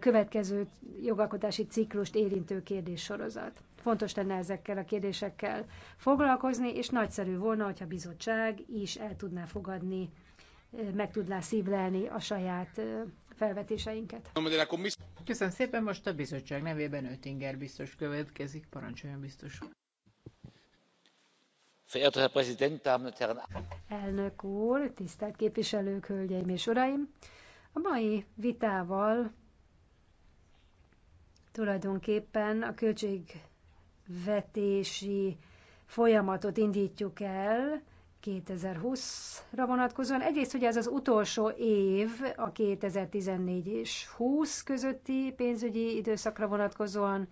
következő jogalkotási ciklust érintő kérdéssorozat. Fontos lenne ezekkel a kérdésekkel foglalkozni, és nagyszerű volna, hogyha a bizottság is el tudná fogadni, meg tudná szívlelni a saját felvetéseinket. Köszönöm szépen, most a bizottság nevében Ötinger biztos következik, parancsoljon biztos. Elnök úr, tisztelt képviselők, hölgyeim és uraim! A mai vitával tulajdonképpen a költség vetési folyamatot indítjuk el 2020-ra vonatkozóan. Egyrészt ugye ez az utolsó év a 2014 és 20 közötti pénzügyi időszakra vonatkozóan,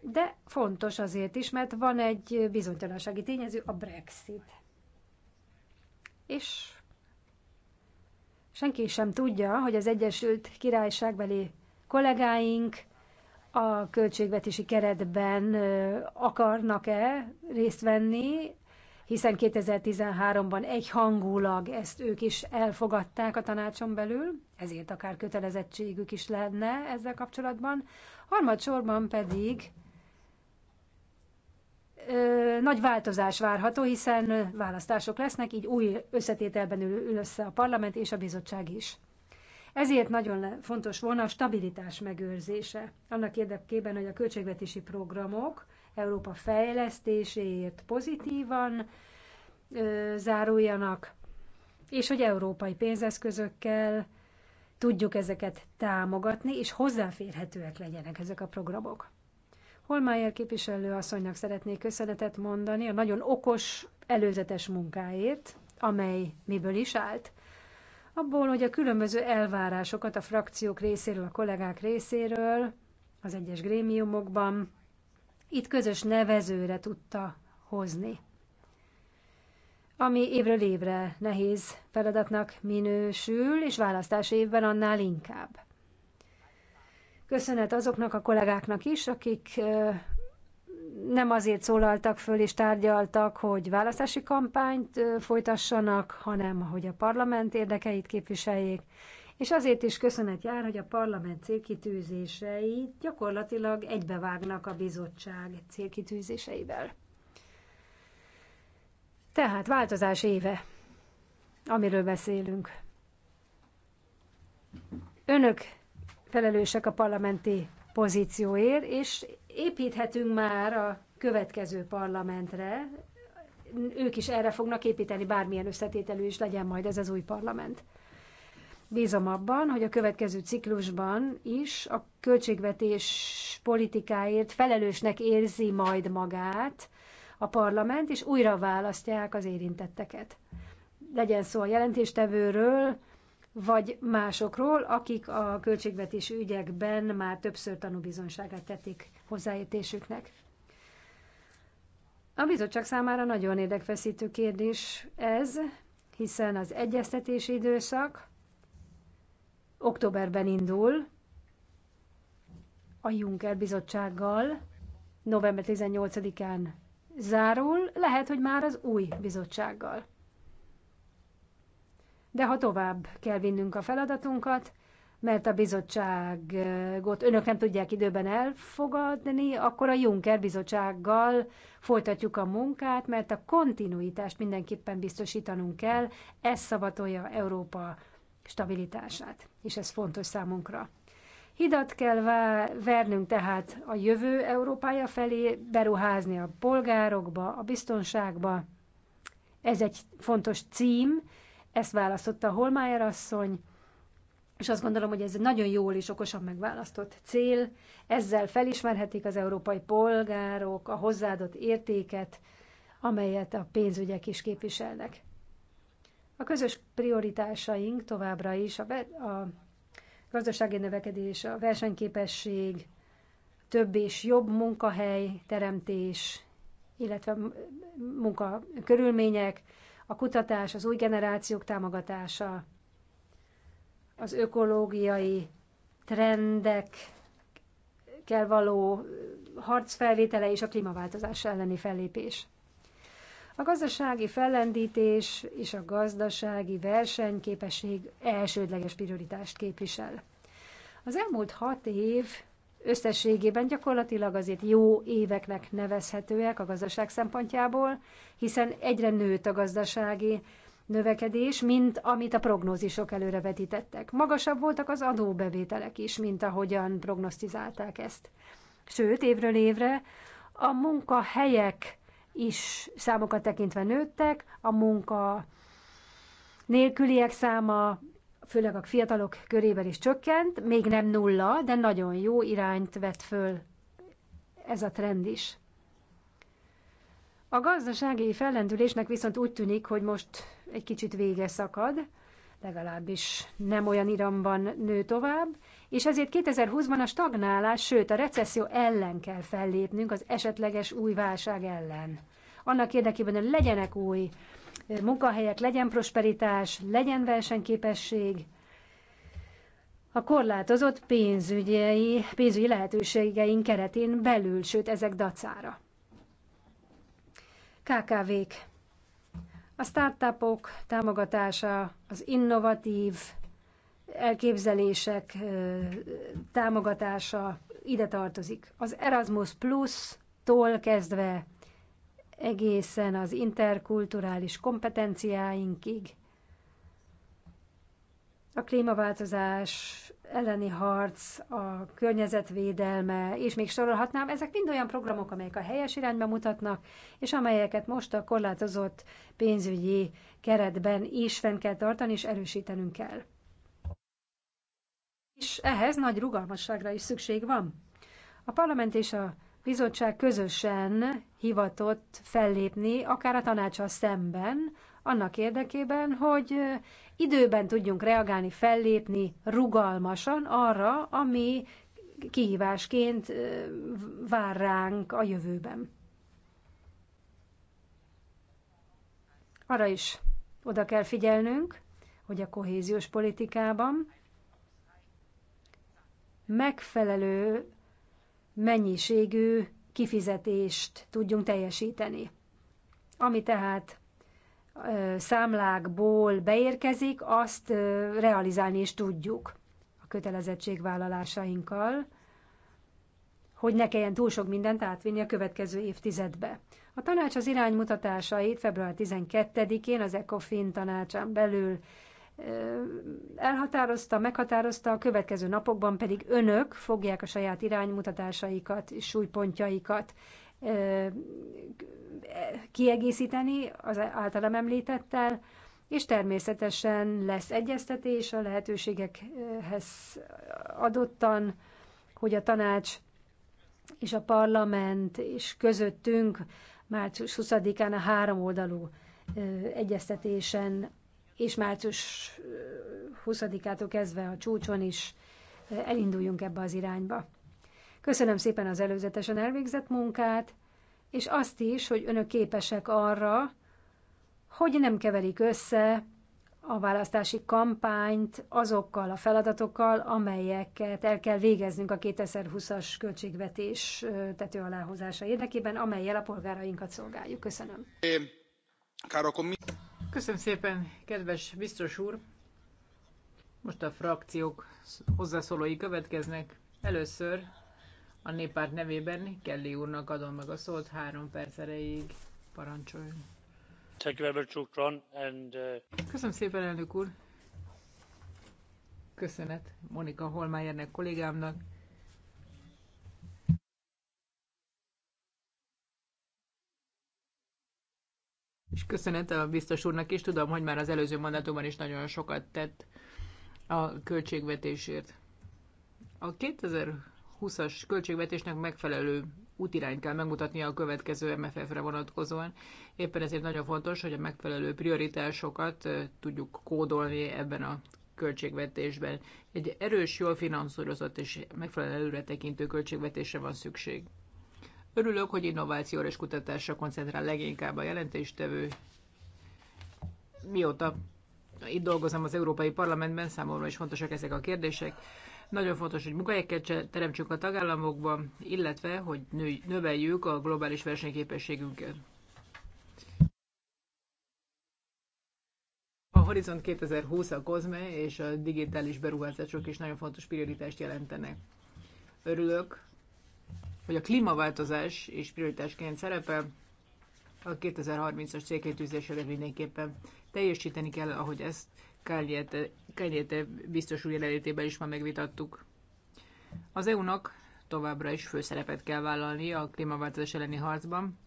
de fontos azért is, mert van egy bizonytalansági tényező, a Brexit. És senki sem tudja, hogy az Egyesült Királyságbeli kollégáink a költségvetési keretben akarnak-e részt venni, hiszen 2013-ban egyhangulag ezt ők is elfogadták a tanácson belül, ezért akár kötelezettségük is lenne ezzel kapcsolatban. Harmadsorban pedig ö, nagy változás várható, hiszen választások lesznek, így új összetételben ül, össze a parlament és a bizottság is. Ezért nagyon fontos volna a stabilitás megőrzése. Annak érdekében, hogy a költségvetési programok Európa fejlesztéséért pozitívan ö, záruljanak, és hogy európai pénzeszközökkel tudjuk ezeket támogatni, és hozzáférhetőek legyenek ezek a programok. Holmájer képviselő asszonynak szeretnék köszönetet mondani a nagyon okos, előzetes munkáért, amely miből is állt abból, hogy a különböző elvárásokat a frakciók részéről, a kollégák részéről, az egyes grémiumokban itt közös nevezőre tudta hozni. Ami évről évre nehéz feladatnak minősül, és választás évben annál inkább. Köszönet azoknak a kollégáknak is, akik nem azért szólaltak föl és tárgyaltak, hogy választási kampányt folytassanak, hanem hogy a parlament érdekeit képviseljék, és azért is köszönet jár, hogy a parlament célkitűzései gyakorlatilag egybevágnak a bizottság célkitűzéseivel. Tehát változás éve, amiről beszélünk. Önök felelősek a parlamenti pozícióért, és építhetünk már a következő parlamentre, ők is erre fognak építeni, bármilyen összetételű is legyen majd ez az új parlament. Bízom abban, hogy a következő ciklusban is a költségvetés politikáért felelősnek érzi majd magát a parlament, és újra választják az érintetteket. Legyen szó a jelentéstevőről, vagy másokról, akik a költségvetési ügyekben már többször tanúbizonságát tették hozzáértésüknek. A bizottság számára nagyon érdekfeszítő kérdés ez, hiszen az egyeztetési időszak októberben indul a Juncker bizottsággal, november 18-án zárul, lehet, hogy már az új bizottsággal de ha tovább kell vinnünk a feladatunkat, mert a bizottságot önök nem tudják időben elfogadni, akkor a Juncker bizottsággal folytatjuk a munkát, mert a kontinuitást mindenképpen biztosítanunk kell, ez szavatolja Európa stabilitását, és ez fontos számunkra. Hidat kell vernünk tehát a jövő Európája felé, beruházni a polgárokba, a biztonságba. Ez egy fontos cím, ezt választotta Holmájer asszony, és azt gondolom, hogy ez egy nagyon jól és okosan megválasztott cél. Ezzel felismerhetik az európai polgárok a hozzáadott értéket, amelyet a pénzügyek is képviselnek. A közös prioritásaink továbbra is a, a gazdasági növekedés, a versenyképesség, több és jobb munkahely teremtés, illetve munkakörülmények, a kutatás, az új generációk támogatása, az ökológiai trendekkel való harcfelvétele és a klímaváltozás elleni fellépés. A gazdasági fellendítés és a gazdasági versenyképesség elsődleges prioritást képvisel. Az elmúlt hat év összességében gyakorlatilag azért jó éveknek nevezhetőek a gazdaság szempontjából, hiszen egyre nőtt a gazdasági növekedés, mint amit a prognózisok előre vetítettek. Magasabb voltak az adóbevételek is, mint ahogyan prognosztizálták ezt. Sőt, évről évre a munkahelyek is számokat tekintve nőttek, a munka nélküliek száma főleg a fiatalok körében is csökkent, még nem nulla, de nagyon jó irányt vett föl ez a trend is. A gazdasági fellendülésnek viszont úgy tűnik, hogy most egy kicsit vége szakad, legalábbis nem olyan iramban nő tovább, és ezért 2020-ban a stagnálás, sőt a recesszió ellen kell fellépnünk az esetleges új válság ellen. Annak érdekében, hogy legyenek új munkahelyek, legyen prosperitás, legyen versenyképesség. A korlátozott pénzügyi, pénzügyi lehetőségeink keretén belül, sőt ezek dacára. KKV-k. A startupok támogatása, az innovatív elképzelések támogatása ide tartozik. Az Erasmus Plus-tól kezdve egészen az interkulturális kompetenciáinkig. A klímaváltozás elleni harc, a környezetvédelme, és még sorolhatnám, ezek mind olyan programok, amelyek a helyes irányba mutatnak, és amelyeket most a korlátozott pénzügyi keretben is fenn kell tartani, és erősítenünk kell. És ehhez nagy rugalmasságra is szükség van. A parlament és a bizottság közösen hivatott fellépni, akár a tanácssal szemben, annak érdekében, hogy időben tudjunk reagálni, fellépni rugalmasan arra, ami kihívásként vár ránk a jövőben. Arra is oda kell figyelnünk, hogy a kohéziós politikában megfelelő mennyiségű kifizetést tudjunk teljesíteni. Ami tehát számlákból beérkezik, azt realizálni is tudjuk a kötelezettségvállalásainkkal, hogy ne kelljen túl sok mindent átvinni a következő évtizedbe. A tanács az iránymutatásait február 12-én az ECOFIN tanácsán belül elhatározta, meghatározta, a következő napokban pedig önök fogják a saját iránymutatásaikat, súlypontjaikat kiegészíteni az általam említettel, és természetesen lesz egyeztetés a lehetőségekhez adottan, hogy a tanács és a parlament és közöttünk március 20-án a három oldalú egyeztetésen és március 20-ától kezdve a csúcson is elinduljunk ebbe az irányba. Köszönöm szépen az előzetesen elvégzett munkát, és azt is, hogy önök képesek arra, hogy nem keverik össze a választási kampányt azokkal a feladatokkal, amelyeket el kell végeznünk a 2020-as költségvetés tető aláhozása érdekében, amelyel a polgárainkat szolgáljuk. Köszönöm. É, Köszönöm szépen, kedves biztos úr! Most a frakciók hozzászólói következnek. Először a néppárt nevében Kelly úrnak adom meg a szót három perc erejéig. Parancsoljon! Uh, Köszönöm szépen, elnök úr! Köszönet Monika Holmájernek kollégámnak, És köszönet a biztos úrnak is, tudom, hogy már az előző mandátumban is nagyon sokat tett a költségvetésért. A 2020-as költségvetésnek megfelelő útirányt kell megmutatnia a következő MFF-re vonatkozóan. Éppen ezért nagyon fontos, hogy a megfelelő prioritásokat tudjuk kódolni ebben a költségvetésben. Egy erős, jól finanszírozott és megfelelő előre tekintő költségvetésre van szükség. Örülök, hogy innovációra és kutatásra koncentrál leginkább a jelentéstevő. Mióta itt dolgozom az Európai Parlamentben, számomra is fontosak ezek a kérdések. Nagyon fontos, hogy munkahelyeket teremtsünk a tagállamokban, illetve, hogy növeljük a globális versenyképességünket. A Horizont 2020, a COSME és a digitális beruházások is nagyon fontos prioritást jelentenek. Örülök, hogy a klímaváltozás és prioritásként szerepel, a 2030-as célkétűzésre mindenképpen teljesíteni kell, ahogy ezt Kányéte, Kányéte biztos úr jelenlétében is már megvitattuk. Az EU-nak továbbra is főszerepet kell vállalni a klímaváltozás elleni harcban,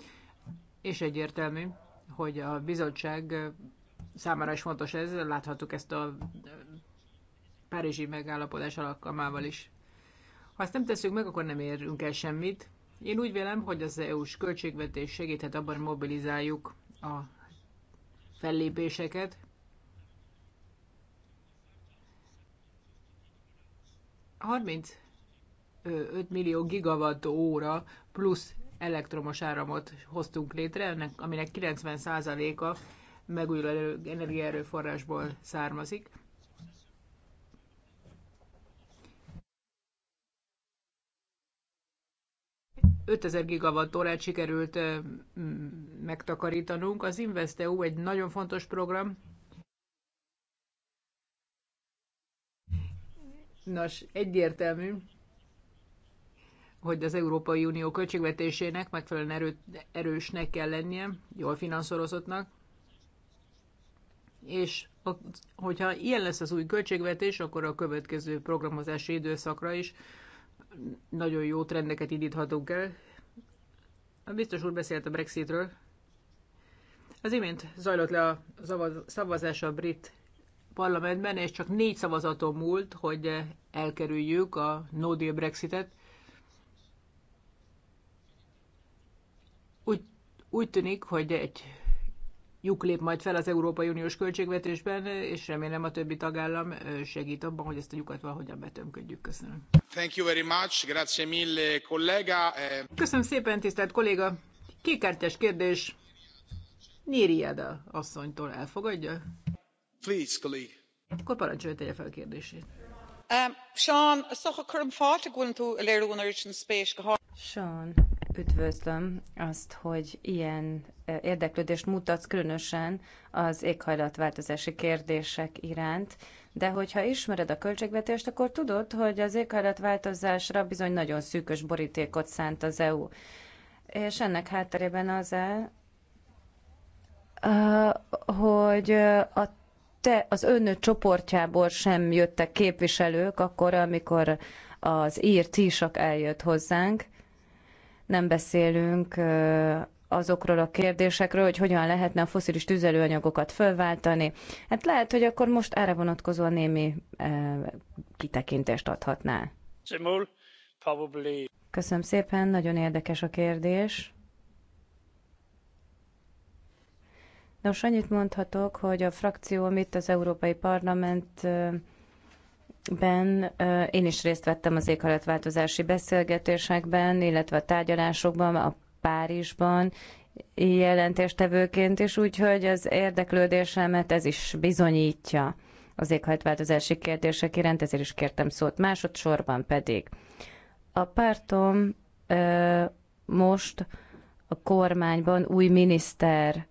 és egyértelmű, hogy a bizottság számára is fontos ez, láthattuk ezt a párizsi megállapodás alkalmával is. Ha ezt nem teszünk meg, akkor nem érünk el semmit. Én úgy vélem, hogy az EU-s költségvetés segíthet abban, mobilizáljuk a fellépéseket. A 35 millió gigawatt óra plusz elektromos áramot hoztunk létre, ennek, aminek 90%-a megújuló energiaerőforrásból származik. 5000 gigawatt sikerült megtakarítanunk. Az InvestEU egy nagyon fontos program. Nos, egyértelmű, hogy az Európai Unió költségvetésének megfelelően erő, erősnek kell lennie, jól finanszírozottnak, és hogyha ilyen lesz az új költségvetés, akkor a következő programozási időszakra is nagyon jó trendeket indíthatunk el. A biztos úr beszélt a Brexitről. Az imént zajlott le a szavazás a brit parlamentben, és csak négy szavazaton múlt, hogy elkerüljük a no deal Brexitet. Úgy, úgy tűnik, hogy egy lyuk lép majd fel az Európai Uniós költségvetésben, és remélem a többi tagállam segít abban, hogy ezt a lyukat valahogyan betömködjük. Köszönöm. Thank you very much. Grazie mille, kollega. Eh, Köszönöm szépen, tisztelt kolléga. Kékártyás kérdés. Nériada asszonytól elfogadja? Please, colleague. Akkor parancsolja tegye fel a kérdését. Um, Sean, Sean, üdvözlöm azt, hogy ilyen érdeklődést mutatsz különösen az éghajlatváltozási kérdések iránt, de hogyha ismered a költségvetést, akkor tudod, hogy az éghajlatváltozásra bizony nagyon szűkös borítékot szánt az EU. És ennek hátterében az el, eh, hogy eh, a te, az önő csoportjából sem jöttek képviselők, akkor, amikor az ír tísak eljött hozzánk, nem beszélünk eh, azokról a kérdésekről, hogy hogyan lehetne a foszilis tüzelőanyagokat fölváltani. Hát lehet, hogy akkor most erre vonatkozóan némi e, kitekintést adhatná. Simul, probably. Köszönöm szépen, nagyon érdekes a kérdés. Nos, annyit mondhatok, hogy a frakció, amit az Európai Parlamentben eh, én is részt vettem az éghajlatváltozási beszélgetésekben, illetve a tárgyalásokban, a Párizsban jelentéstevőként is, úgyhogy az érdeklődésemet ez is bizonyítja az éghajtváltozási kérdések iránt, ezért is kértem szót. Másodszorban pedig a pártom ö, most a kormányban új miniszter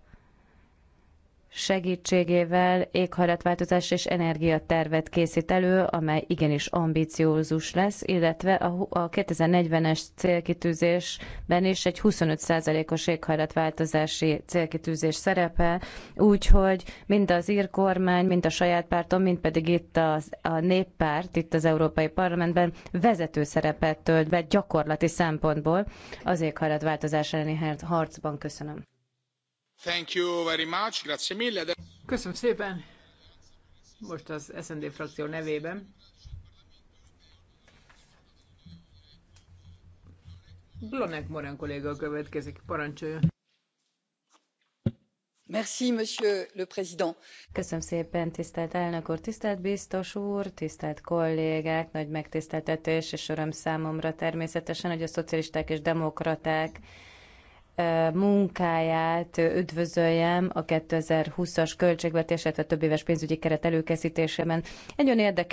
segítségével éghajlatváltozás és energiatervet készít elő, amely igenis ambiciózus lesz, illetve a 2040-es célkitűzésben is egy 25%-os éghajlatváltozási célkitűzés szerepe, úgyhogy mind az ír kormány, mind a saját pártom, mind pedig itt az, a néppárt, itt az Európai Parlamentben vezető szerepet tölt be gyakorlati szempontból az éghajlatváltozás elleni harcban. Köszönöm. Köszönöm szépen. Most az SD frakció nevében. Blonek Morán kolléga következik, parancsoljon. Merci, monsieur le président. Köszönöm szépen, tisztelt elnök úr, tisztelt biztos úr, tisztelt kollégák, nagy megtiszteltetés és öröm számomra természetesen, hogy a szocialisták és demokraták munkáját üdvözöljem a 2020-as költségvetés, a több éves pénzügyi keret előkészítésében. Egy olyan érdekes